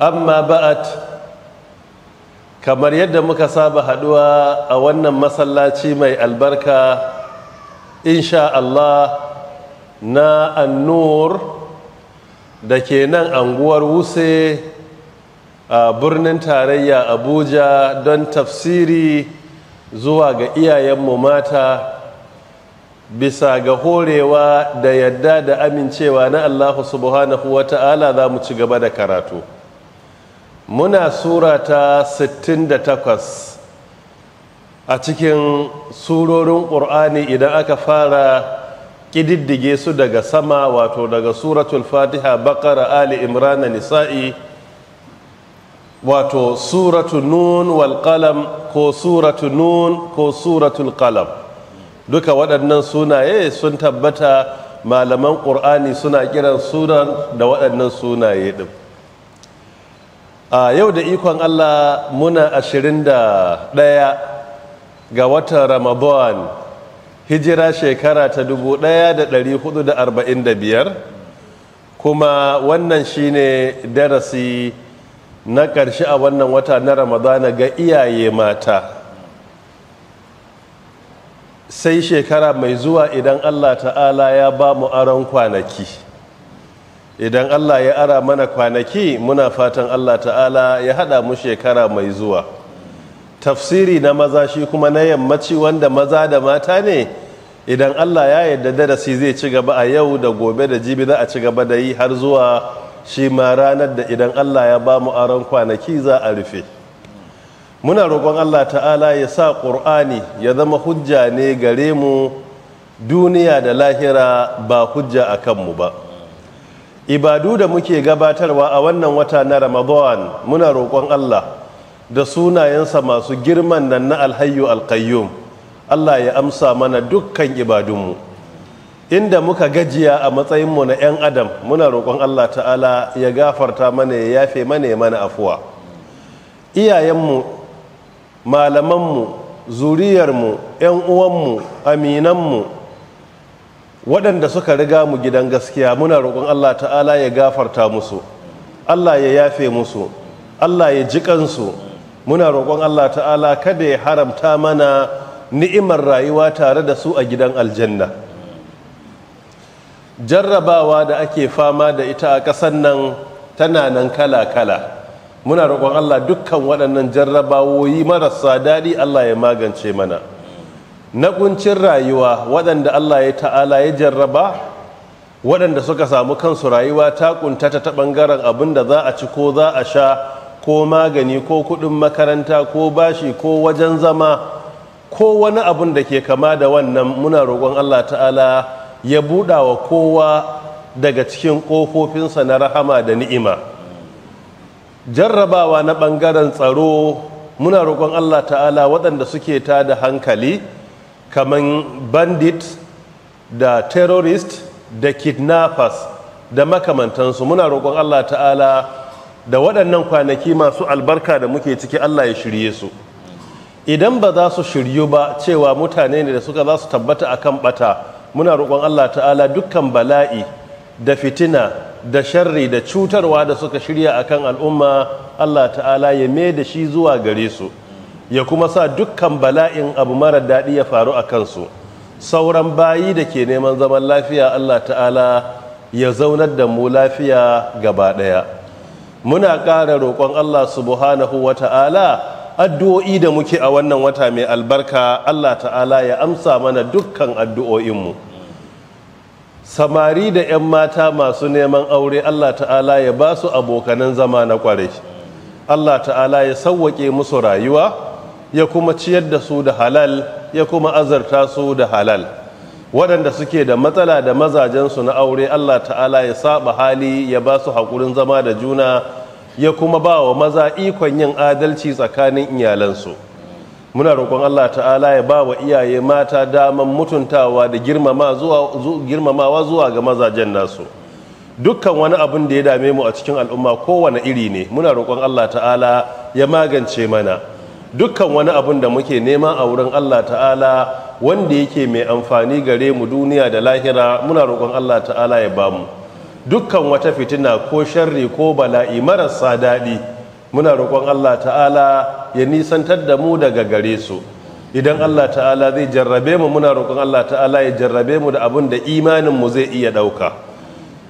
amma ba'at kamar yadda muka saba haduwa a wannan masallaci mai albarka insha Allah na annur da ke nan anguwar wuse a birnin tarayya abuja don tafsiri zuwa ga iyayenmu mata bisa ga horewa da yadda da amincewa na allahu subhanahu wa ta'ala za mu ci gaba da karatu muna sura ta 68 a cikin surorin ƙur'ani idan aka fara ƙididdige su daga sama wato daga suratul fatiha bakara ali imrana nisa'i wato suratul nun wal qalam ko suratul nun ko suratul qalam duka waɗannan sunaye sun tabbata malaman ƙur'ani suna kiran sunan da waɗannan sunaye ɗin a yau da ikon allah muna ashirin da ɗaya ga watan ramadan hijira shekara ta dubu ɗaya da da da ɗari arba'in biyar, kuma wannan shine darasi na ƙarshe a wannan wata na ramadana ga iyaye mata sai shekara mai zuwa idan allah ta'ala ya ba mu aron kwanaki idan Allah ya ara mana kwanaki muna fatan Allah ta'ala ya hada mu shekara mai zuwa tafsiri na maza shi kuma na yammaci wanda maza da mata ne idan Allah ya yarda darasi zai ci gaba a yau da gobe da jibi za a ci gaba da yi har zuwa shi ma ranar da idan Allah ya ba mu aron kwanaki za a rufe muna roƙon Allah ta'ala ya sa ƙur'ani ya zama hujja ne gare mu duniya da lahira ba hujja a kanmu ba ibadu da muke gabatarwa a wannan wata na ramadan muna roƙon allah da sunayensa masu girman nan na alhayu alkayyum allah ya amsa mana dukkan ibadunmu inda muka gajiya a matsayinmu na 'yan adam muna roƙon allah ta'ala ya gafarta mana ya yafe mana ya mana afuwa iyayenmu malamanmu zuriyarmu 'yan uwanmu aminanmu waɗanda suka riga mu gidan gaskiya muna roƙon Allah ta'ala ya gafarta musu Allah ya yafe musu Allah ya ji kansu muna roƙon Allah ta'ala kada ya haramta mana ni'imar rayuwa tare da su a gidan aljanna jarrabawa da ake fama da ita a ƙasar nan tana nan kala-kala muna roƙon Allah dukkan waɗannan jarrabawoyi marasa daɗi Allah ya magance mana na kuncin rayuwa waɗanda Allah ya ta'ala ya jarraba waɗanda suka samu kansu rayuwa ta ƙuntata ta ɓangaren abin da za a ci ko za a sha ko magani ko kuɗin makaranta ko bashi ko wajen zama ko wani abin da ke kama da wannan muna roƙon Allah ta'ala ya buɗa wa kowa daga cikin ƙofofinsa na rahama da ni'ima jarrabawa na ɓangaren tsaro muna roƙon Allah ta'ala waɗanda suke ta da hankali kaman bandit da terrorist da kidnappers da makamantansu muna roƙon allah ta'ala da waɗannan kwanaki masu albarka da muke ciki allah ya shirye su idan ba za su shiryu ba cewa mutane ne da suka za su tabbata akan bata muna roƙon allah ta'ala dukkan bala'i da fitina da sharri da cutarwa da suka shirya akan al'umma allah ta'ala ya mai da shi zuwa gare su ya kuma sa dukkan bala'in abu mara daɗi ya faru a kansu sauran bayi da ke neman zaman lafiya Allah ta'ala ya zaunar da mu lafiya gaba ɗaya muna ƙara roƙon Allah subhanahu wa ta'ala addu'o'i da muke a wannan wata mai albarka Allah ta'ala ya amsa mana dukkan addu'o'inmu samari da 'yan mata masu neman aure Allah ta'ala ya ba su abokanan zama na ƙwarai. Allah ta'ala ya sauwaƙe musu rayuwa ya kuma ciyar da su da halal ya kuma azarta su da halal waɗanda suke da matsala da mazajensu na aure Allah ta'ala ya saba hali ya ba su haƙurin zama da juna ya kuma ba wa maza ikon yin adalci tsakanin iyalansu muna roƙon Allah ta'ala ya ba wa iyaye mata daman mutuntawa da girmamawa zuwa ga mazajen nasu dukkan wani abin da ya dame mu a cikin al'umma kowane iri ne muna roƙon Allah ta'ala ya magance mana dukkan wani abun da muke nema a wurin Allah ta'ala wanda yake mai amfani gare mu duniya da lahira muna roƙon Allah ta'ala ya ba mu. dukkan wata fitina ko sharri ko bala'i marasa daɗi muna roƙon Allah ta'ala ya nisantar da mu daga gare su idan Allah ta'ala zai jarrabe mu muna roƙon Allah ta'ala ya jarrabe mu da abin da imanin mu zai iya ɗauka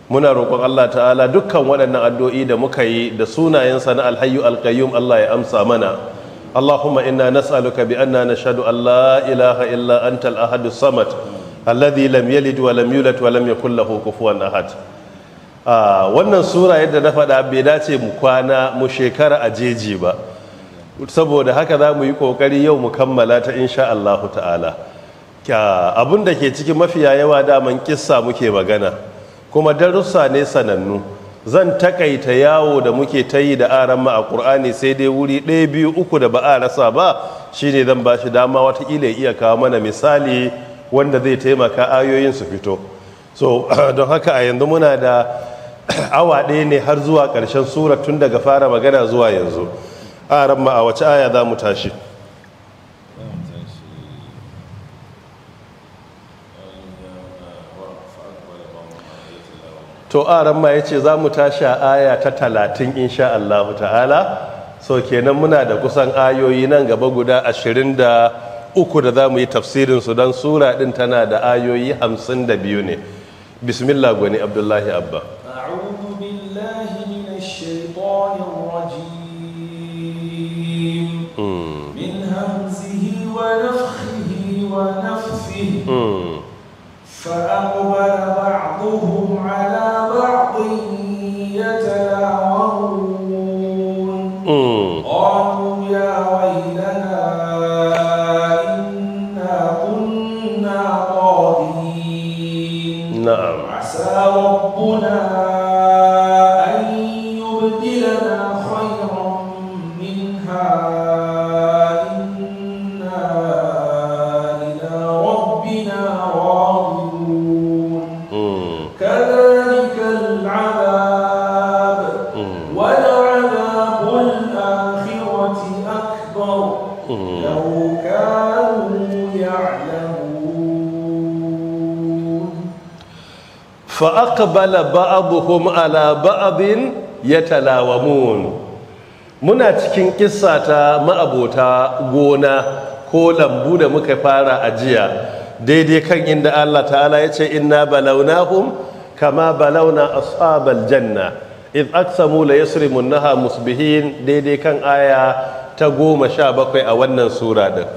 muna roƙon Allah ta'ala dukkan waɗannan addu'o'i da muka yi da sunayensa na alhayyu alqayyum Allah ya amsa mana اللهم إنا نسألك بأننا نشهد أن لا إله إلا أنت الأحد الصمد الذي لم يلد ولم يولد ولم يكن له كفوا أحد wannan sura yadda na faɗa bai dace mu kwana mu shekara a jeji ba saboda haka za mu yi ƙoƙari yau mu kammala ta insha Allahu ta'ala abin da ke cikin mafiya yawa daman kissa muke magana kuma darussa ne sanannu zan takaita yawo da muke ta yi da aran ma a ƙur'ani sai dai wuri ɗaya biyu uku da ba a rasa ba shine zan ba shi dama watakila ya iya kawo mana misali wanda zai taimaka ayoyin su fito so don haka a yanzu muna da awa ɗaya ne har zuwa ƙarshen sura tun daga fara magana zuwa yanzu aran a wace aya za mu tashi to aran ma ya ce za mu tashi a aya ta talatin insha Allah ta'ala so kenan muna da kusan ayoyi nan gaba guda ashirin da uku da za mu yi tafsirinsu don sura din tana da ayoyi hamsin da biyu ne bismillah gwani abdullahi abba ونفخه فأقبل بعضهم على بعض fa aqbala ba'dhum ala ya mun. muna cikin ƙisa ta ma'abota gona ko lambu da muka fara ajiya daidai kan inda Allah ta'ala ya ce inna balawnahum kama Balauna ashabal janna If aqsamu la yasrimunnaha musbihin daidai kan aya ta goma sha bakwai a wannan sura din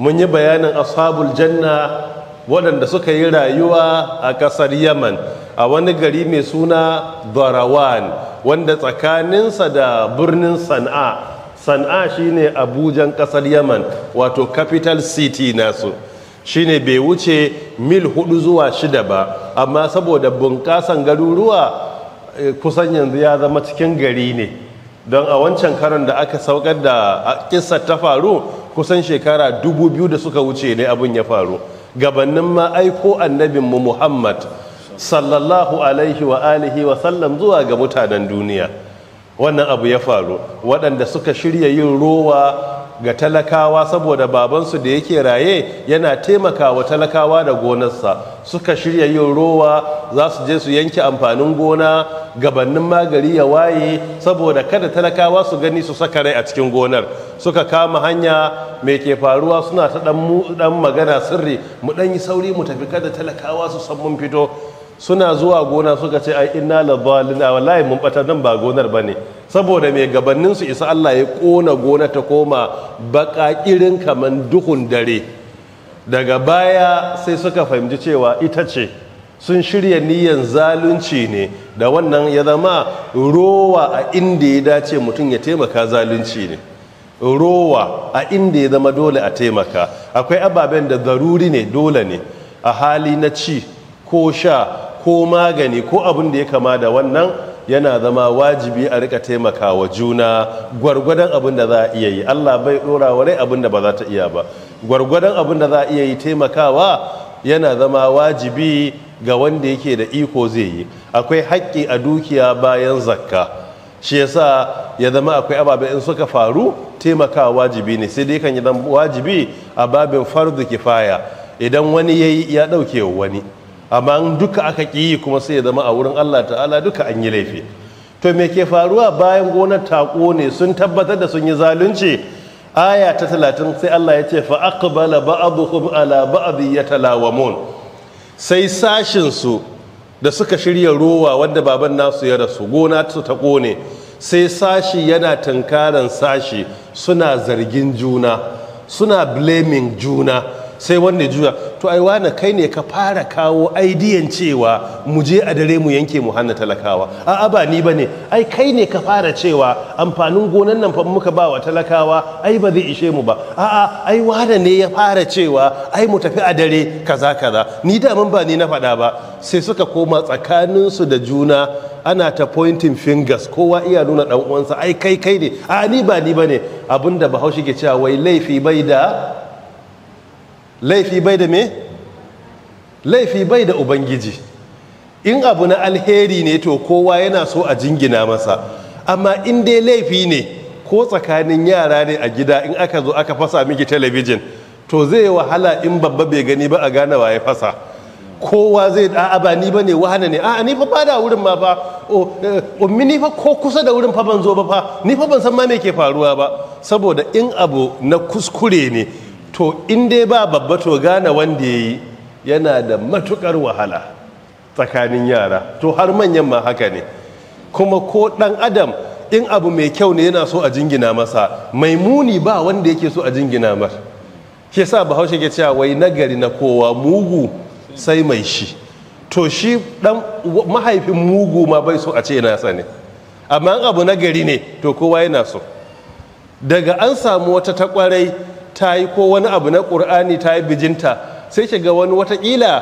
mun yi bayanin ashabul janna waɗanda suka yi rayuwa a ƙasar yaman a wani gari mai suna Dorawan wanda tsakaninsa da birnin Sana'a san'a shine abujan kasar yaman wato capital city nasu shine bai wuce mil hudu zuwa shida ba amma saboda bunkasan garuruwa eh, kusan yanzu ya zama cikin gari ne don a wancan karon da aka saukar da kisa ta faru kusan shekara dubu biyu da suka wuce ne abin ya faru gabanin ma aiko annabinmu muhammad sallallahu alaihi wa alihi wa sallam zuwa ga mutanen duniya wannan abu ya faru waɗanda suka shirya yin rowa ga talakawa saboda babansu da yake raye yana taimakawa talakawa da gonarsa suka shirya yin rowa za su je su yanke amfanin gona gabannin magari ya waye saboda kada talakawa su gani su saka rai a cikin gonar suka kama hanya mai ke faruwa suna ta dan magana sirri mu dan yi sauri mu tafi kada talakawa su san mun fito suna zuwa gona suka ce ai inna la a wallahi mun bata nan ba gonar bane saboda mai gabanin su isa Allah ya kona gona ta koma baka irin kaman duhun dare daga baya sai suka fahimci cewa ita ce sun shirya niyyar zalunci ne da wannan ya zama rowa a inda ya dace mutum ya taimaka zalunci ne rowa a inda ya zama dole a taimaka akwai ababen da zaruri ne dole ne a hali na ci ko sha ko magani ko abin da ya kama da wannan yana zama wajibi a rika taimakawa juna gwargwadon abin da za a iya yi allah bai dora wa rai abin da ba za ta iya ba gwargwadon abin da za a iya yi taimakawa yana zama wajibi ga wanda yake da iko zai yi akwai haƙƙi a dukiya bayan zakka shi yasa ya zama akwai ababe in suka faru taimakawa wajibi ne sai dai kan yi wajibi a babin fardu kifaya idan wani ya yi ya ɗauke wani amma duka aka ƙi kuma sai ya zama a wurin Allah ta'ala duka an yi laifi to me ke faruwa bayan gonar ta ƙone sun tabbatar da sun yi zalunci aya ta talatin sai Allah ya ce fa aqbala ba'dhum ala ba'd yatalawamun sai sashin su da suka shirya rowa wanda baban nasu ya rasu gona su ta ƙone sai sashi yana tankaran sashi suna zargin juna suna blaming juna sai wanda juya to ai wane kai ne ka fara kawo aidiyan cewa mu je a dare mu yanke mu hana talakawa a ba ni ba ne ai kai ne ka fara cewa amfanin gonan nan fa muka ba wa talakawa ai ba zai ishe mu ba a'a ai wane ne ya fara cewa ai mu tafi a dare kaza kaza ni da mun ba ni na faɗa ba sai suka koma tsakaninsu da juna ana ta pointing fingers kowa iya nuna dan uwansa ai kai kai ne a ni ba ni ba bane abinda bahaushe ke cewa wai laifi bai da laifi bai da me laifi bai da ubangiji in abu na alheri ne to kowa yana so a jingina masa amma in dai laifi ne ko tsakanin yara ne a gida in aka zo aka fasa miki talabijin to zai wahala in babba bai gani ba a gane waye fasa kowa zai a'a ba ni ba ne wahana ne a'a ni fa ba da wurin ma fa eh, ummi ni ko kusa da wurin fa ban zo ba fa ni fa ban san ma me ke faruwa ba saboda in abu na kuskure ne to in dai ba babba to gane wanda ya yi yana da matukar wahala tsakanin yara to har manyan ma haka ne kuma ko ɗan adam in abu mai kyau ne yana so a jingina masa mai muni ba wanda yake so a jingina mar ke sa bahaushe ke cewa wai nagari na kowa mugu sai mai shi to shi dan mahaifin mugu ma bai so a ce yana ne amma abu nagari ne to kowa yana so daga an samu wata ta ta yi ko wani abu na ƙur'ani ta yi bijinta sai ki ga wani watakila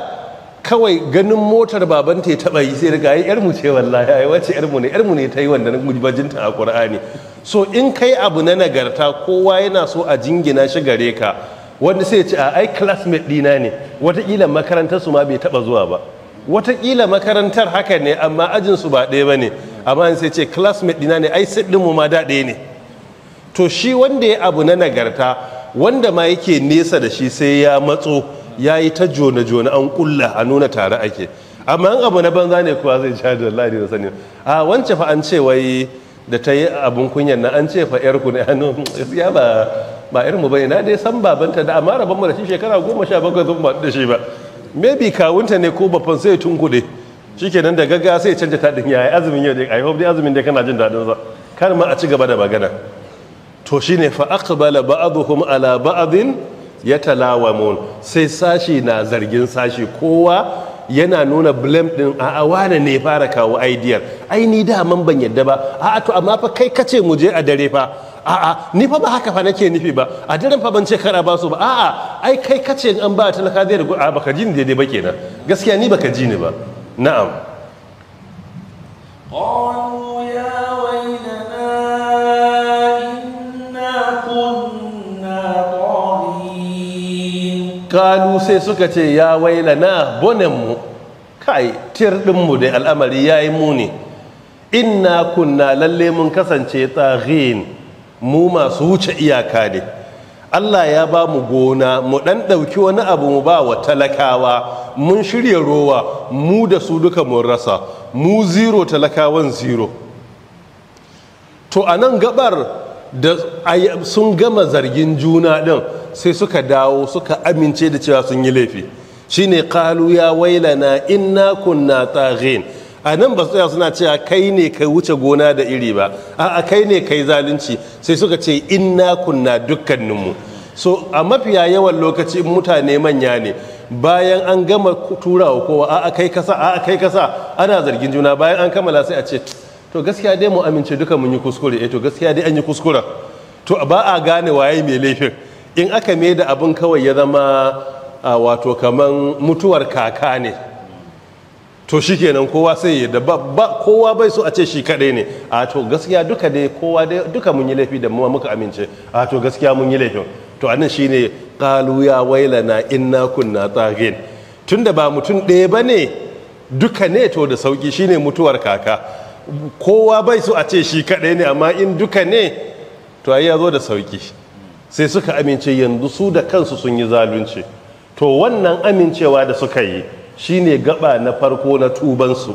kawai ganin motar babanta ya taɓa yi sai daga yi yarmu ce wallahi yi wace yarmu ne yarmu ne ta yi wanda bajinta a ƙur'ani so in kai abu na nagarta kowa yana so a jingina shi gare ka wanda sai ce a ai classmate dina ne watakila makarantar su ma bai taɓa zuwa ba watakila makarantar haka ne amma ajin su ba ɗaya ba ne. amma sai ce classmate dina ne ai sit mu ma da ɗaya ne to shi wanda ya abu na nagarta wanda ma yake nesa da shi sai ya matso ya yi ta jona-jona an kulla a nuna tare ake amma an abu na banza ne kuwa zai ja da ladi da sani a wance fa an ce wai da ta yi abun kunyan nan an ce fa yar ku ne hannu ya ba ba irin mu bai na dai san babanta da amma rabon mu da shi shekara goma sha bakwai zan ba da shi ba maybe kawunta ne ko bafan sai tun ke shikenan da gaggawa sai canja ta din yayi azumin yau dai i hope dai azumin dai kana jin daɗin sa kar ma a ci gaba da magana to shine fa fa’aƙbala ba'dhum ala ya mun, sai sashi na zargin sashi kowa yana nuna blam ɗin a na ne fara kawo aidiyar ai ni da man ban yadda ba a to amma fa kai kace mu je a dare fa a a ni fa ba haka fa nake nufi ba a daren fa ban ce kara ba su ba a a ai kai kace an ba talaka zai a baka ji ni daidai ba kenan gaskiya ni baka ji ni ba na'am qalu ya kalu sai suka ce ya na bonenmu kai tir ɗinmu da al'amari ya yi muni inna kunna lalle mun kasance tsarin mu masu wuce iyaka ne Allah ya ba mu gona mu ɗan ɗauki wani abu mu ba wa talakawa mun shirya rowa mu da su duka mun rasa mu zero talakawan zero to a nan gabar da sun gama zargin juna din sai suka dawo suka amince da cewa sun yi laifi shine qalu ya wailana inna kunna taghin a nan ba su tsaya suna cewa kai ne kai wuce gona da iri ba a kai ne kai zalunci sai suka ce inna kunna dukkaninmu so a mafiya yawan lokaci mutane manya ne bayan an gama turawa kowa a kai kasa a kai kasa ana zargin juna bayan an kammala sai a ce to gaskiya dai mu amince duka mun yi kuskure eh to gaskiya dai an yi kuskura to ba a gane waye mai laifin in aka mai da abin kawai ya zama wato kaman mutuwar kaka ne to shikenan kowa sai ya da ba kowa bai so a ce shi kadai ne a to gaskiya duka dai kowa dai duka mun yi laifi da mu muka amince a to gaskiya mun yi laifin to anan shine qalu ya wailana inna kunna taghin tunda ba mutum ɗaya bane duka ne to da sauki shine mutuwar kaka kowa bai so a ce shi kaɗai ne amma in duka ne to ya zo da sauki sai suka amince yanzu su da kansu sun yi zalunci to wannan amincewa da suka yi shine gaba na farko na tubansu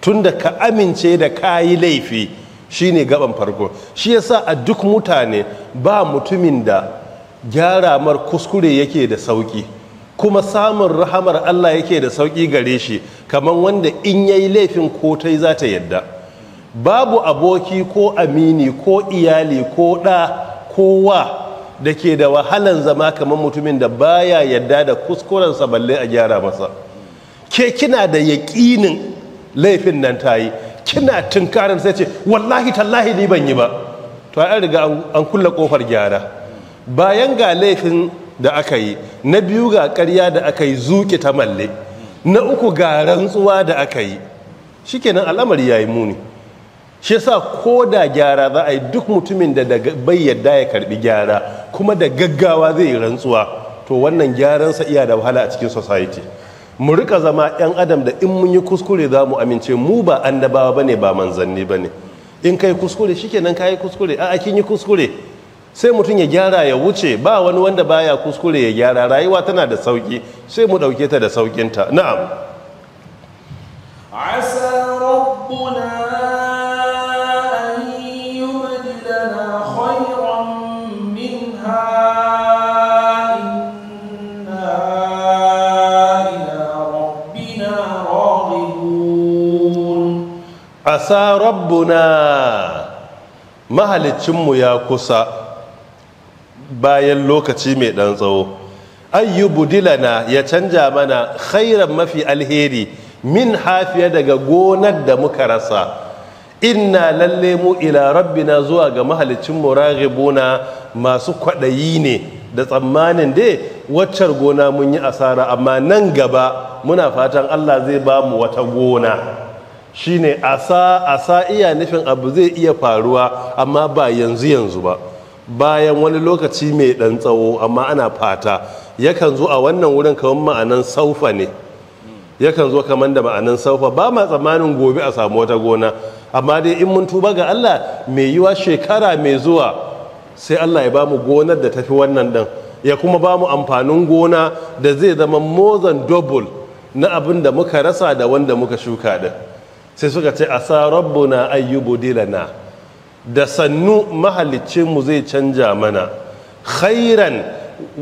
tunda ka amince da kayi laifi shine gaban farko shi yasa a duk mutane ba mutumin da gyaramar kuskure yake da sauki kuma samun rahamar Allah yake da sauƙi gare shi kamar wanda in yayi laifin kotai za ta yadda babu aboki ko amini ko iyali ko ɗa kowa da ke da wahalan zama kamar mutumin da baya yadda da kuskurensa balle a gyara masa ke kina da yaƙinin laifin nan ta yi kina tunkarin sai ce wallahi tallahi ni ban yi ba to an riga an kulle kofar gyara bayan ga laifin da aka yi na biyu ga karya da aka yi zuki ta malle na uku ga rantsuwa da aka yi shi kenan al'amari ya yi muni shi sa ko da gyara za a yi duk mutumin da bai yadda ya karbi gyara kuma da gaggawa zai yi rantsuwa to wannan gyaran sa iya da wahala a cikin society mu rika zama 'yan adam da in mun yi kuskure za mu amince mu ba annabawa bane ba manzanni ne in kai kuskure shikenan kai kuskure a'a kin yi kuskure sai mutum ya gyara ya wuce ba wani wanda baya kuskure ya gyara rayuwa tana da sauki sai mu dauke ta da saukinta na'am asa rabbuna asa rabbuna mahalicinmu ya kusa bayan lokaci mai ɗan tsawo ayyubu dilana ya canja mana khairan mafi alheri min hafiya daga gonar da muka rasa inna lalle mu ila rabbina zuwa ga mahalicin muraghibuna masu kwaɗayi ne da tsammanin dai waccar gona mun yi asara amma nan gaba muna fatan Allah zai ba mu wata gona shine asa asa iya nufin abu zai iya faruwa amma ba yanzu yanzu ba bayan wani lokaci mai ɗan tsawo amma ana fata yakan zo a wannan wurin kamar ma'anan saufa ne yakan zo kamar da ma'anan saufa ba ma tsammanin gobe a samu wata gona amma dai in mun tuba ga Allah mai yiwa shekara mai zuwa sai Allah ya bamu gonar da tafi wannan ɗin ya kuma bamu amfanin gona da zai zama mozan than na abin da muka rasa da wanda muka shuka din sai suka ce a asa rabbuna ayyubudilana da sannu mu zai canja mana khairan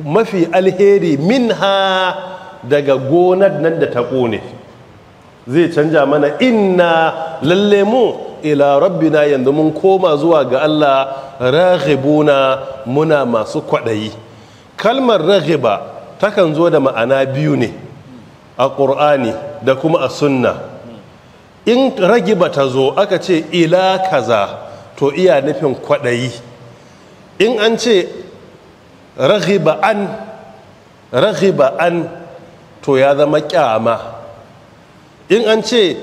mafi alheri minha daga gonar nan da ta ƙone zai canja mana inna lalle mu ila rabbina yanzu mun koma zuwa ga Allah raghibuna muna masu kwaɗayi kalmar raghiba takan zo da ma'ana biyu ne a ƙur'ani da kuma a sunna in ragiba ta zo aka ce ila kaza to iya nufin kwaɗayi in an ce raghiba an raghiba an to ya zama kyama in an ce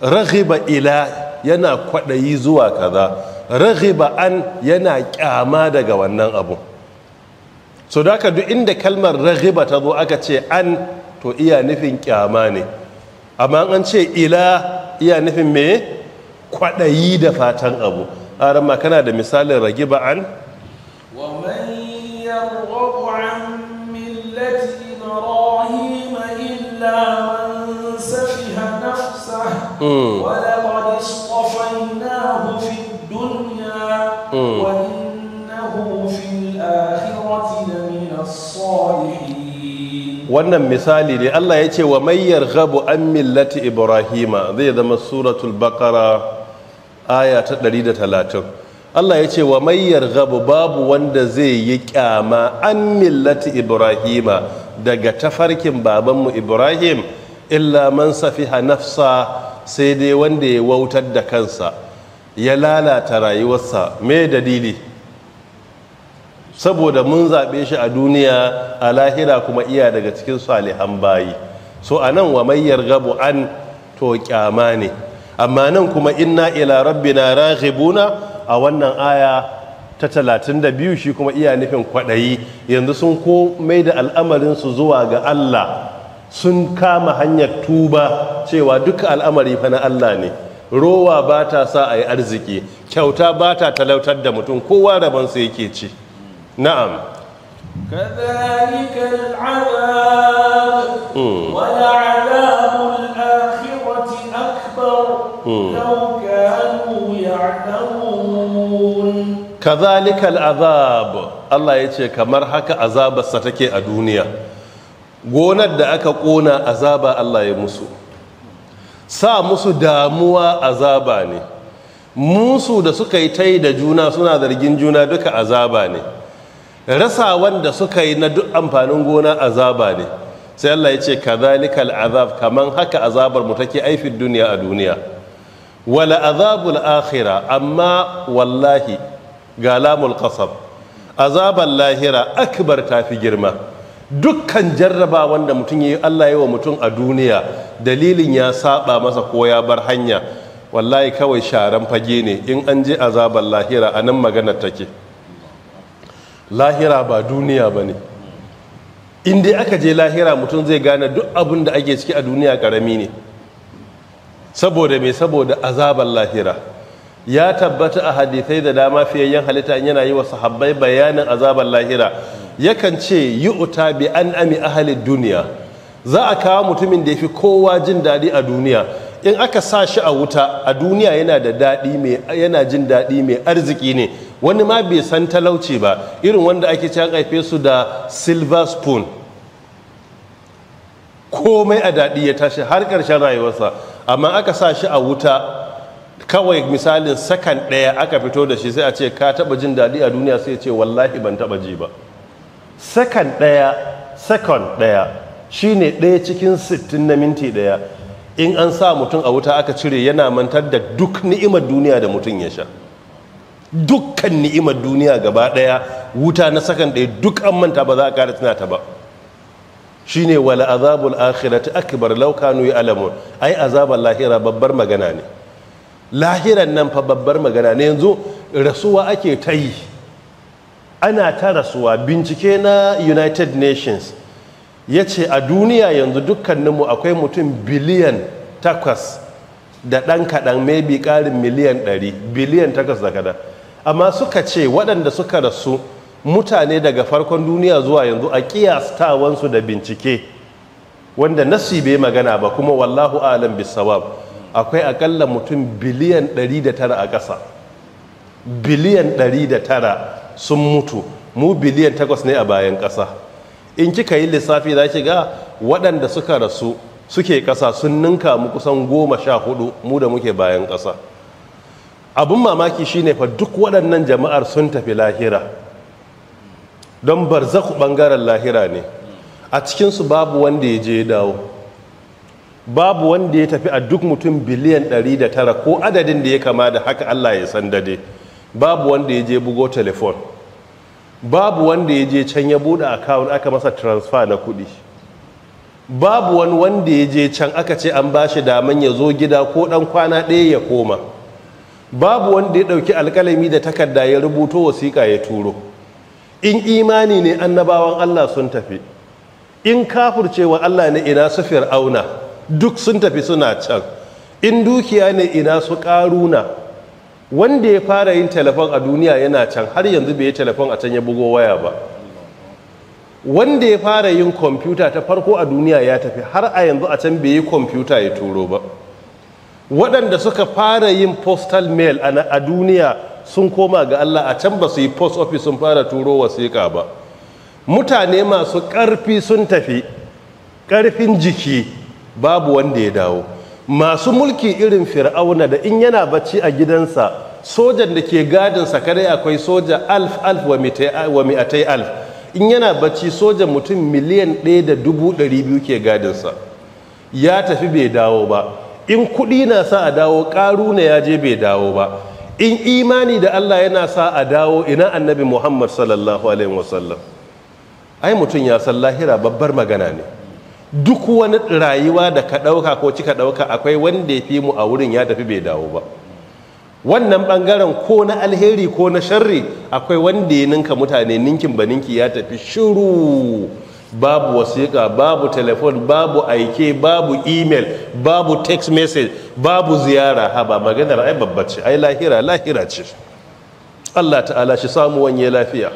raghiba ila yana kwaɗayi zuwa kaza raghiba an yana kyama daga wannan abu so da duk inda kalmar raghiba ta zo aka ce an to iya nufin kyama ne amma an ce ila iya nufin me kwaɗayi da fatan abu aramma kana da misalin ragi ba'an hmm. hmm. wannan misali ne Allah ya ce wa mayyar gabu an millati ibrahima zai zama suratul baqara aya ta ɗari da talatin, Allah ya ce wa mayyar gabu babu wanda zai yi kyama an millati ibrahima daga tafarkin babanmu ibrahim illa man safiha nafsa sai dai wanda ya wautar da kansa ya lalata rayuwarsa mai dalili saboda mun zaɓe shi a duniya a lahira kuma iya daga cikin salihan bayi so anan wa mayyar gabu an to kyama ne amma nan kuma inna ila rabbina raghibuna a wannan aya ta talatin da biyu shi kuma iya nufin kwaɗayi yanzu sun ko mai da su zuwa ga Allah sun kama hanyar tuba cewa duka al'amari fa na Allah ne rowa ba ta sa a yi arziki kyauta ba ta talautar da mutum kowa sai yake ci na'am Kazalikal azab Allah كذلك العذاب الله يتي كمر هكا عذاب gonar da aka kona azaba Allah ya musu sa musu damuwa azaba ne musu da suka yi ta yi da juna suna zargin juna duka azaba ne rasa wanda suka yi na duk amfanin gona azaba ne sai Allah ya ce kazalikal azab kamar haka azabar mu take aifin duniya a duniya wala azabul akhira amma wallahi ga lamul qasab azabal lahira akbar tafi girma dukkan jarraba wanda mutum ya yi Allah yi wa mutum a duniya dalilin ya saba masa ko ya bar hanya wallahi kawai sharan fage ne in an je azaban lahira anan magana take lahira ba duniya bane inda in dai aka je lahira mutum zai gane duk abin da ake ciki a duniya karami ne saboda mai saboda azabar lahira ya tabbata a hadisai da dama fiyayyen halitta yana yi wa sahabbai bayanin azabar lahira yakan ce yi uta bi an ami ahalin duniya za a kawo mutumin da ya fi kowa jin daɗi a duniya in aka sa shi a wuta a duniya yana da daɗi mai jin daɗi mai arziki ne wani ma bai san talauci ba irin wanda ake can haife su da silver spoon komai a daɗi ya tashi har ƙarshen rayuwarsa amma aka sa shi a wuta kawai misalin sakan ɗaya aka fito da shi sai a ce ka taɓa jin daɗi a duniya sai ce wallahi ban taɓa ji ba sakan ɗaya sakan ɗaya ne ɗaya cikin sittin na minti ɗaya in an sa mutum a wuta aka cire yana mantar da duk ni'imar duniya da mutum ya sha dukkan ni'imar duniya gaba ɗaya wuta na sakan ɗaya duk an manta ba za a kara tuna ta ba shine wal azabul akhirati akbar law kanu ya'lamun ai azabul lahira babbar magana ne lahiran nan fa babbar magana ne yanzu rasuwa ake ta yi ana ta rasuwa bincike na united nations ya ce a duniya yanzu dukkaninmu akwai mutum biliyan takwas da ɗan kaɗan maybe ƙarin miliyan ɗari biliyan takwas da kaɗan amma suka ce waɗanda suka rasu mutane daga farkon duniya zuwa yanzu a kiyastawansu da bincike wanda nasi bai magana ba kuma wallahu alam bisawab akwai akalla mutum biliyan 109 a ƙasa biliyan 109 sun mutu mu biliyan 8 ne a bayan ƙasa in kika yi lissafi za ki ga waɗanda suka rasu suke ƙasa sun ninka mu kusan goma sha hudu mu da muke bayan ƙasa abin mamaki shine fa duk waɗannan jama'ar sun tafi lahira don barzaku bangaren lahira ne a cikinsu babu wanda ya je ya dawo babu wanda ya tafi a duk mutum biliyan 109 ko adadin da ya kama da haka Allah ya san dade babu wanda ya je bugo telefon babu wanda ya je can ya bude account aka masa transfer na kudi babu wani wanda ya je can aka ce an ba shi daman ya zo gida ko dan kwana ɗaya ya koma babu wanda ya ɗauki alkalami da takarda ya rubuto wasiƙa ya turo in imani ne annabawan Allah sun tafi in kafurcewa Allah ne ina su fir'auna duk sun tafi suna can in dukiya ne ina su karuna wanda ya fara yin telefon a duniya yana can har yanzu bai yi telefon a can ya bugo waya ba wanda ya fara yin kwamfuta ta farko a duniya ya tafi har a yanzu a can bai yi kwamfuta ya turo ba waɗanda suka fara yin postal mail a duniya sun koma ga Allah a can ba su yi post office sun fara turo wasiƙa ba mutane masu ƙarfi sun tafi ƙarfin jiki babu wanda ya dawo masu mulki irin fir'auna da in yana bacci a gidansa sojan da ke gadinsa kadai akwai soja alf alf wa mi'atai alf in yana bacci sojan mutum miliyan ɗaya da dubu ɗari biyu ke gadinsa ya tafi bai dawo ba in kuɗi na sa a dawo ƙaru na ya je bai dawo ba in imani da Allah yana sa a dawo ina annabi Muhammad sallallahu alaihi wasallam ai mutum ya san lahira babbar magana ne duk wani rayuwa da ka ɗauka ko kika ɗauka akwai wanda ya fi mu a wurin ya tafi bai dawo ba wannan ɓangaren ko na alheri ko na sharri akwai wanda ya ninka mutane ninkin ba ninki ya tafi shiru babu wasiƙa babu telefon babu aike babu email babu text message babu ziyara Ha ba maganar ai babbace ai lahira lahira ce Allah ta'ala shi samu wanye lafiya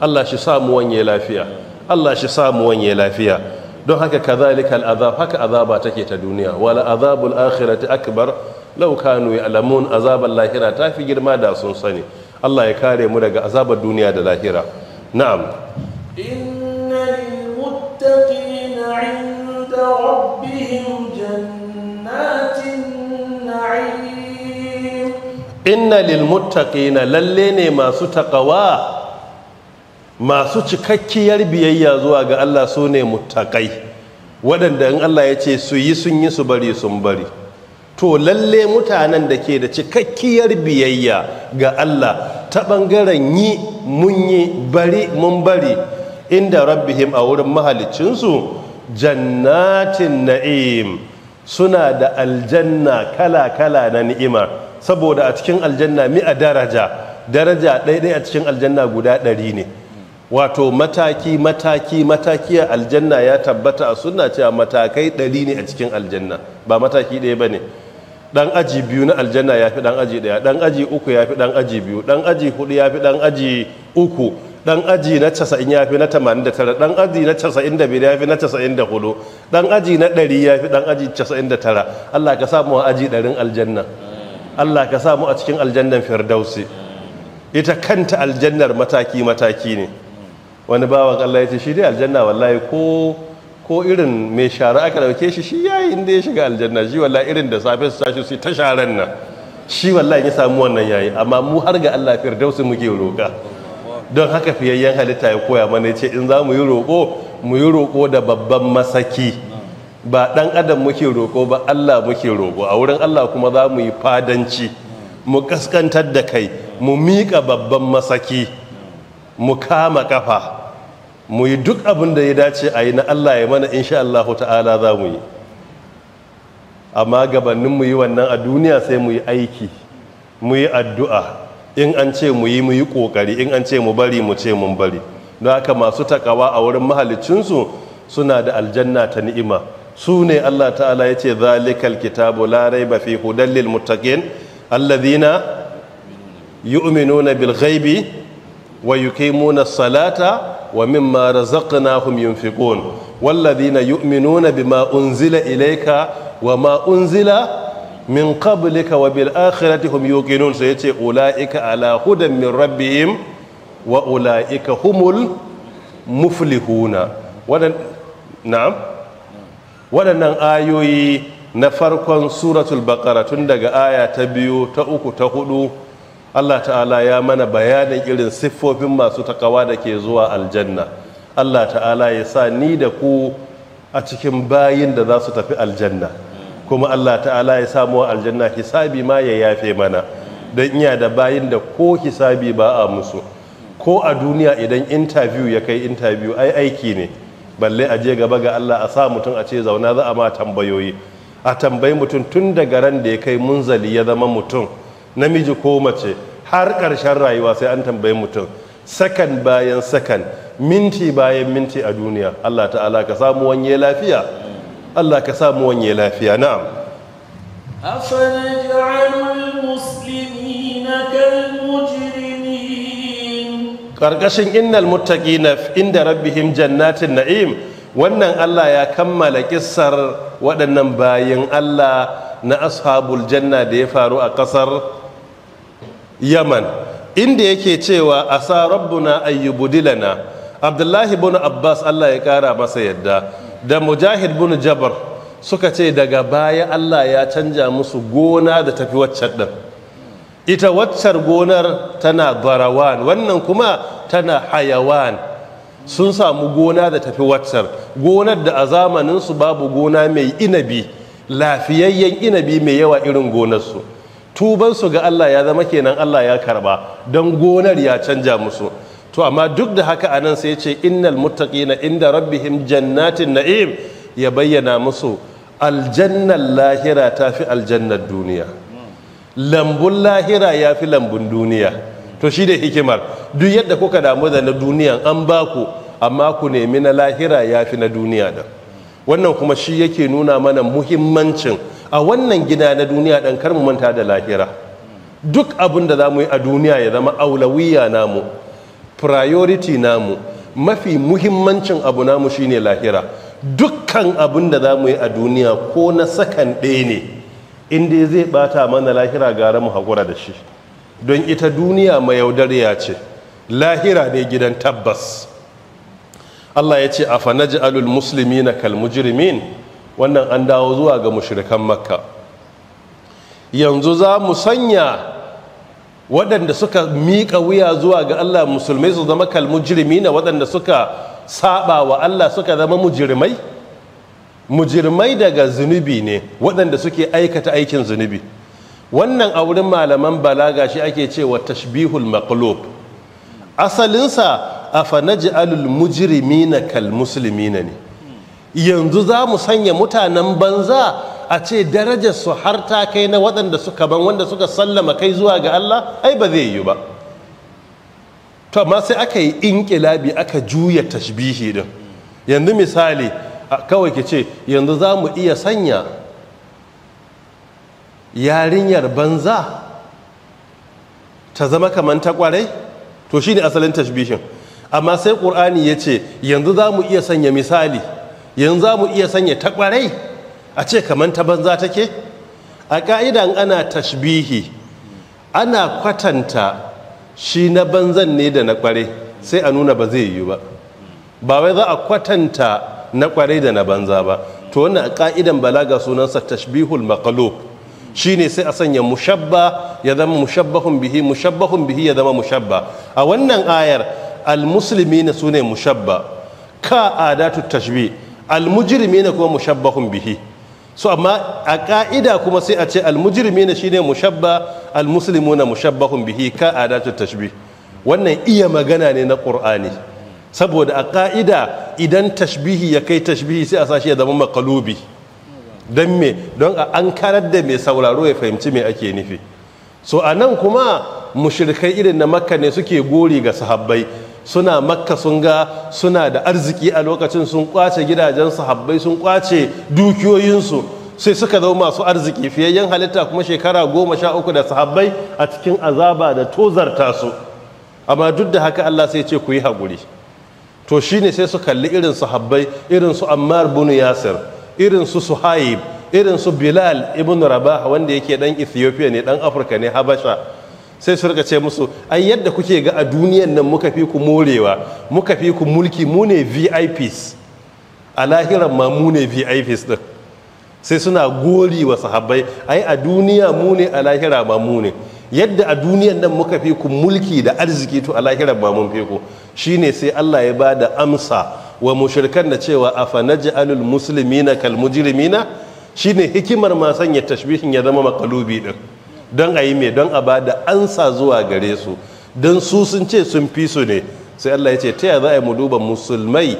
Allah shi samu wanye lafiya Allah shi samu wanye lafiya don haka kazalikal azab haka azaba take ta duniya wala azabul akhirati akbar law kanu ya'lamun azabal lahira ta fi girma da sun sani Allah ya kare mu daga azabar duniya da lahira na'am عند ربهم lallai ne إن masu للين Masu cikakkiyar biyayya zuwa ga Allah الله سوني waɗanda in Allah ya ce su yi sun yi su bari sun bari to lalle mutanen da ke da cikakkiyar biyayya ga Allah ta ɓangaren yi mun yi bari mun bari inda rabbihim a wurin mahalicinsu jannatin na'im suna da aljanna kala-kala na ni'ima saboda a cikin aljanna mi'a daraja daraja ɗaiɗai a cikin aljanna guda ɗari ne wato mataki mataki mataki a aljanna ya tabbata a suna cewa matakai ɗari ne a cikin aljanna ba mataki ɗaya ba ne ɗan aji biyu na aljanna ya fi ɗan aji ɗaya ɗan aji uku ya fi ɗan aji biyu ɗan aji hudu ya fi ɗan aji uku dan aji na 90 ya fi na 89 dan aji na 95 ya fi na 94 dan aji na 100 ya fi dan aji 99 Allah ka samu a aji ɗarin aljanna Allah ka samu a cikin aljannan firdausi ita kanta aljannar mataki mataki ne wani bawan Allah ya ce shi dai aljanna wallahi ko ko irin mai shara aka dauke shi shi yayi inda ya shiga aljanna shi wallahi irin da safe su tashi su ta sharan nan shi wallahi ya samu wannan yayi amma mu har ga Allah firdausi muke roka. don haka fiyayyen halitta ya koya mana ce in za mu yi roƙo mu yi roƙo da babban masaki ba ɗan adam muke roƙo ba Allah muke roƙo a wurin Allah kuma za mu yi fadanci mu kaskantar da kai mu miƙa babban masaki mu kama ƙafa mu yi duk abin da ya dace a yi na Allah ya mana insha Allah ta'ala za mu yi amma gabanin mu yi wannan a duniya sai mu yi aiki mu yi addu'a in an ce mu yi mu yi ƙoƙari in an ce mu bari mu ce mun bari don haka masu takawa a wurin mahalicinsu suna da aljanna ta ni'ima su ne Allah ta'ala ya ce zalikal kitabu Larai raiba fi hudan lil muttaqin alladhina yu'minuna bil ghaibi wa yuqimuna as-salata wa mimma razaqnahum yunfiqun yu'minuna bima unzila ilayka wa ma unzila. min qablika wa bil akhirati hum yuqinun sai yace ulaika ala hudan min rabbihim wa ulaika humul muflihuna wadan Waɗannan ayoyi na farkon suratul baqara tun daga aya ta biyu ta uku ta hudu Allah ta'ala ya mana bayanin irin siffofin masu takawa da ke zuwa aljanna Allah ta'ala ya sa ni da ku a cikin bayin da za su tafi aljanna kuma Allah ta'ala ya samu aljanna hisabi ma ya yafe mana don iya da bayin da ko hisabi ba a musu ko a duniya idan interview ya kai interview ai aiki ne balle a je gaba ga Allah a sa mutum a ce zauna za a ma tambayoyi a tambayi mutum tun daga ran da ya kai munzali ya zama mutum namiji ko mace har karshen rayuwa sai an tambayi mutum sakan bayan sakan minti bayan minti a duniya Allah ta'ala ka samu wanye lafiya Allah ka samu wanye lafiya na. afanaj'alul muslimina kal mujrimin karkashin innal inda rabbihim jannatin na'im wannan Allah ya kammala ƙisar waɗannan bayan Allah na ashabul janna da ya faru a ƙasar Yaman inda yake cewa a sa rabbuna dilana abdullahi bin abbas allah ya ƙara masa yadda da mujahid bin jabar suka ce daga baya allah ya canja musu gona da tafi waccan ɗin ita waccar gonar tana barawan wannan kuma tana hayawan sun samu gona da tafi waccar gonar da a zamaninsu babu gona mai inabi lafiyayyen inabi mai yawa irin gonarsu tubansu ga allah ya zama kenan allah ya karba don gonar ya canja musu to amma duk da haka anan sai ya ce innal muttaqina inda rabbihim jannatin na'im ya bayyana musu aljannar lahira ta fi aljannar duniya lambun lahira ya fi lambun duniya to shi da hikimar duk yadda kuka damu da na duniya an ba ku amma ku nemi na lahira ya fi na duniya da wannan kuma shi yake nuna mana muhimmancin a wannan gida na duniya ɗan karmu mu manta da lahira duk abin da za mu yi a duniya ya zama aulawiya namu priority namu mafi muhimmancin abu namu shine lahira dukkan abin da za mu yi a duniya ko na sakan ɗaya ne inda zai bata mana lahira gara mu haƙura da shi don ita duniya mai yaudariya ce lahira ne gidan tabbas Allah ya ce a alul musulmi na kalmujirimin wannan an dawo zuwa ga mushirikan makka yanzu za mu sanya waɗanda suka miƙa wuya zuwa ga Allah musulmai su zama kalmujirmi na waɗanda suka saba wa Allah suka zama mujirmai mujirmai daga zunubi ne waɗanda suke aikata aikin zunubi wannan a wurin malaman balaga shi ake cewa tashbihul maqlub asalinsa alul mujirmi na kalmusulmi ne yanzu za mu sanya mutanen banza a ce darajar su har ta kai na waɗanda suka ban wanda suka sallama kai zuwa ga Allah ai ba zai yi ba to amma sai aka yi inkilabi aka juya tashbihi din yanzu misali kawai ki ce yanzu za mu iya sanya yarinyar banza ta zama kamar ta kwarai to shi ne asalin tashbihin amma sai ƙur'ani ya ce yanzu za mu iya sanya misali yanzu za mu iya sanya ta kwarai a ce kamar ta banza take a ka'idan ana tashbihi ana kwatanta shi na banzan ne da na kware sai a nuna ba zai yi ba ba wai za a kwatanta na kware da na banza ba to wannan a ka'idan balaga sunansa tashbihul shi ne sai a sanya mushabba ya zama mushabbahun bihi mushabbahun bihi ya zama mushabba a wannan ayar na sune mushabba ka adatu tashbih na kuma mushabbahun bihi so amma a ka'ida kuma sai a ce almujrimi ne shine mushabba na mushabbahun bihi ka adatu tashbih wannan iya magana ne na qur'ani saboda a ka'ida idan tashbihi ya kai tashbihi sai a sashi ya zama makalubi don me don a an karar da mai sauraro ya fahimci me ake nufi so a nan kuma mushrikai irin na makka ne suke gori ga sahabbai suna makka sun ga suna da arziki a lokacin sun kwace gidajen Habbai sun kwace dukiyoyinsu sai suka zama masu arziki fiyayyen halitta kuma shekara goma sha uku da sahabbai a cikin azaba da tozarta su amma duk da haka Allah sai ce ku yi haƙuri to shine sai su kalli irin sahabbai irin su Ammar bunu Yasir irin su Suhaib irin su Bilal ibn Rabah wanda yake dan Ethiopia ne dan Afirka ne Habasha sai su rika ce musu ai yadda kuke ga a duniyan nan muka fi ku morewa muka fi ku mulki mu ne vips a lahiran ma mu ne vips din sai suna gori wa sahabbai ai a duniya mu ne a lahira ma mu ne yadda a duniyan nan muka fi ku mulki da arziki to a lahiran ma mun fi ku shine sai Allah ya ba da amsa wa mushrikan da cewa afanaj'alul muslimina kal mujrimina shine hikimar ma sanya tashbihin ya zama makalubi din don a yi mai don a ba da ansa zuwa gare su don su sun ce sun fi su ne sai Allah ya ce ta yi za a yi mu duba musulmai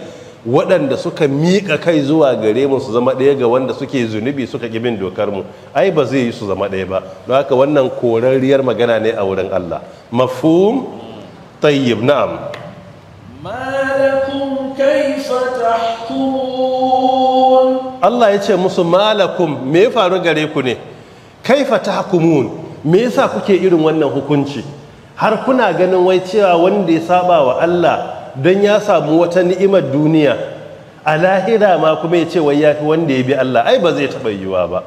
waɗanda suka miƙa kai zuwa gare mu su zama ɗaya ga wanda suke zunubi suka ƙi bin dokar mu ai ba zai yi su zama ɗaya ba don haka wannan korarriyar magana ne a wurin Allah mafhum tayyib na'am Allah ya ce musu malakum me ya faru gare ku ne kaifa ta tahkumun me yasa kuke irin wannan hukunci har kuna ganin wai cewa wanda ya saba wa Allah don ya samu wata ni'imar duniya a lahira ma kuma ya ce wai fi wanda ya bi Allah ai ba zai taɓa yiwuwa ba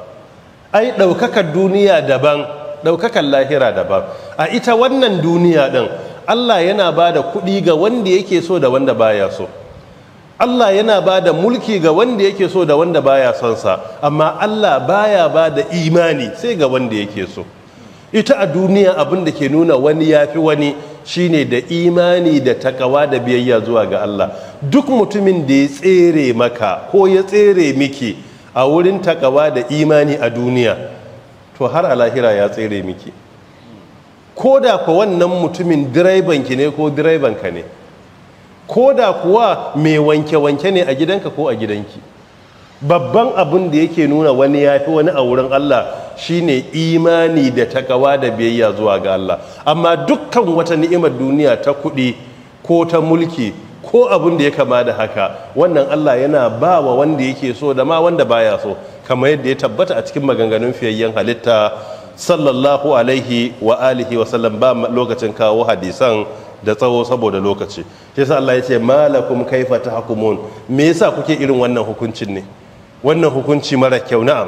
ai ɗaukakar duniya daban ɗaukakar lahira daban a ita wannan duniya ɗin Allah yana ba da kuɗi ga wanda yake so da wanda baya so Allah yana ba da mulki ga wanda yake so da wanda baya son sa amma Allah baya ba da imani sai ga wanda yake so ita a duniya abin da ke nuna wani ya fi wani shine da imani da takawa da biyayya zuwa ga Allah duk mutumin da ya tsere maka ko ya tsere miki a wurin takawa da imani a duniya to har a lahira ya tsere miki ko da fa wannan mutumin direban ki ne ko direban direbanka ne ko da kuwa mai wanke-wanke ne a gidanka ko a gidanki babban abin da yake nuna wani ya fi wani a wurin Allah shi ne imani da ta takawa da biyayya zuwa ga Allah amma dukkan wata ni'imar duniya ta kuɗi ko ta mulki ko abin da ya kama da haka wannan Allah yana ba wa wanda yake so da ma wanda baya so kamar yadda ya tabbata a cikin maganganun fiyayyen halitta sallallahu alaihi wa alihi wa sallam ba lokacin kawo hadisan da tsawo saboda lokaci shi sa Allah ya ce malakum kaifa tahkumun me yasa kuke irin wannan hukuncin ne wannan hukunci mara kyau na'am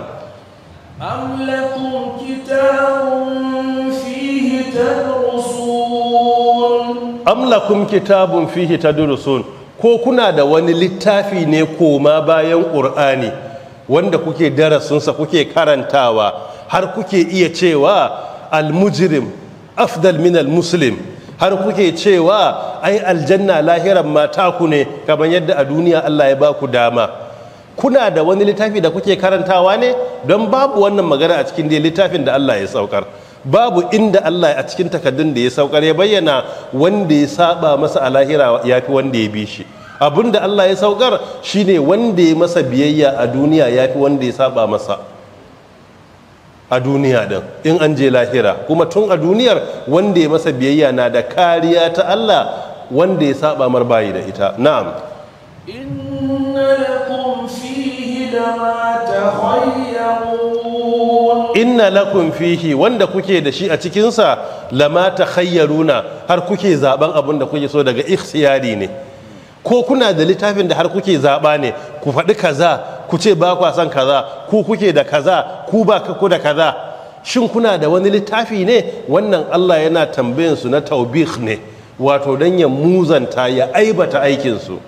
am lakum kitabun fihi tadrusun am kitabun fihi tadrusun ko kuna da wani littafi ne ko ma bayan qur'ani wanda kuke darasinsa kuke karantawa har kuke iya cewa al-mujrim afdal min al-muslim har kuke cewa ai aljanna lahiran mata ku ne kamar yadda a duniya Allah ya baku dama kuna da wani littafi da kuke karantawa ne don babu wannan magana a cikin littafin da Allah ya saukar babu inda Allah a cikin takaddun da ya saukar ya bayyana wanda ya saba masa a lahira ya fi wanda ya bi shi abinda Allah ya saukar shine wanda ya masa biyayya a duniya ya fi wanda ya saba masa a duniya din in an je lahira kuma tun a duniyar wanda ya masa biyayya na da kariya ta Allah wanda ya saba mar bayi da ita na'am inna lakum fihi wanda kuke da shi a cikinsa sa lama takhayyaruna har kuke zaben abin da kuke so daga ikhtiyari ne ko kuna da littafin da har kuke zaɓa ne ku faɗi kaza ku ce ba kwa son kaza ku kuke da kaza ku ba ku da kaza shin kuna da wani littafi ne wannan Allah yana tambayin su na taubih ne wato don ya muzanta ya aibata aikinsu.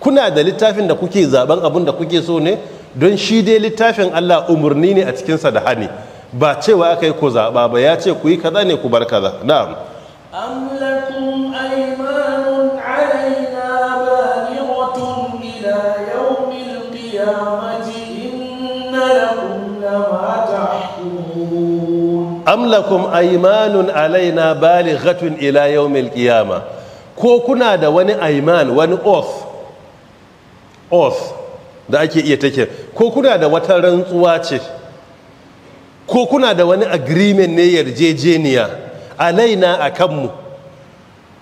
kuna da littafin da kuke zaɓen abin da kuke so ne don shi dai littafin Allah umarni ne a cikinsa da hani ba cewa aka yi ku zaɓa ba ya ce ku yi kaza ne ku bar kaza na'am amlakum aimanun alaina bali ghatun ila yawmil qiyama ko kuna da wani aiman wani oath oath da ake iya take ko kuna da wata rantsuwa ce ko kuna da wani agreement ne yarjejeniya alaina akanmu mu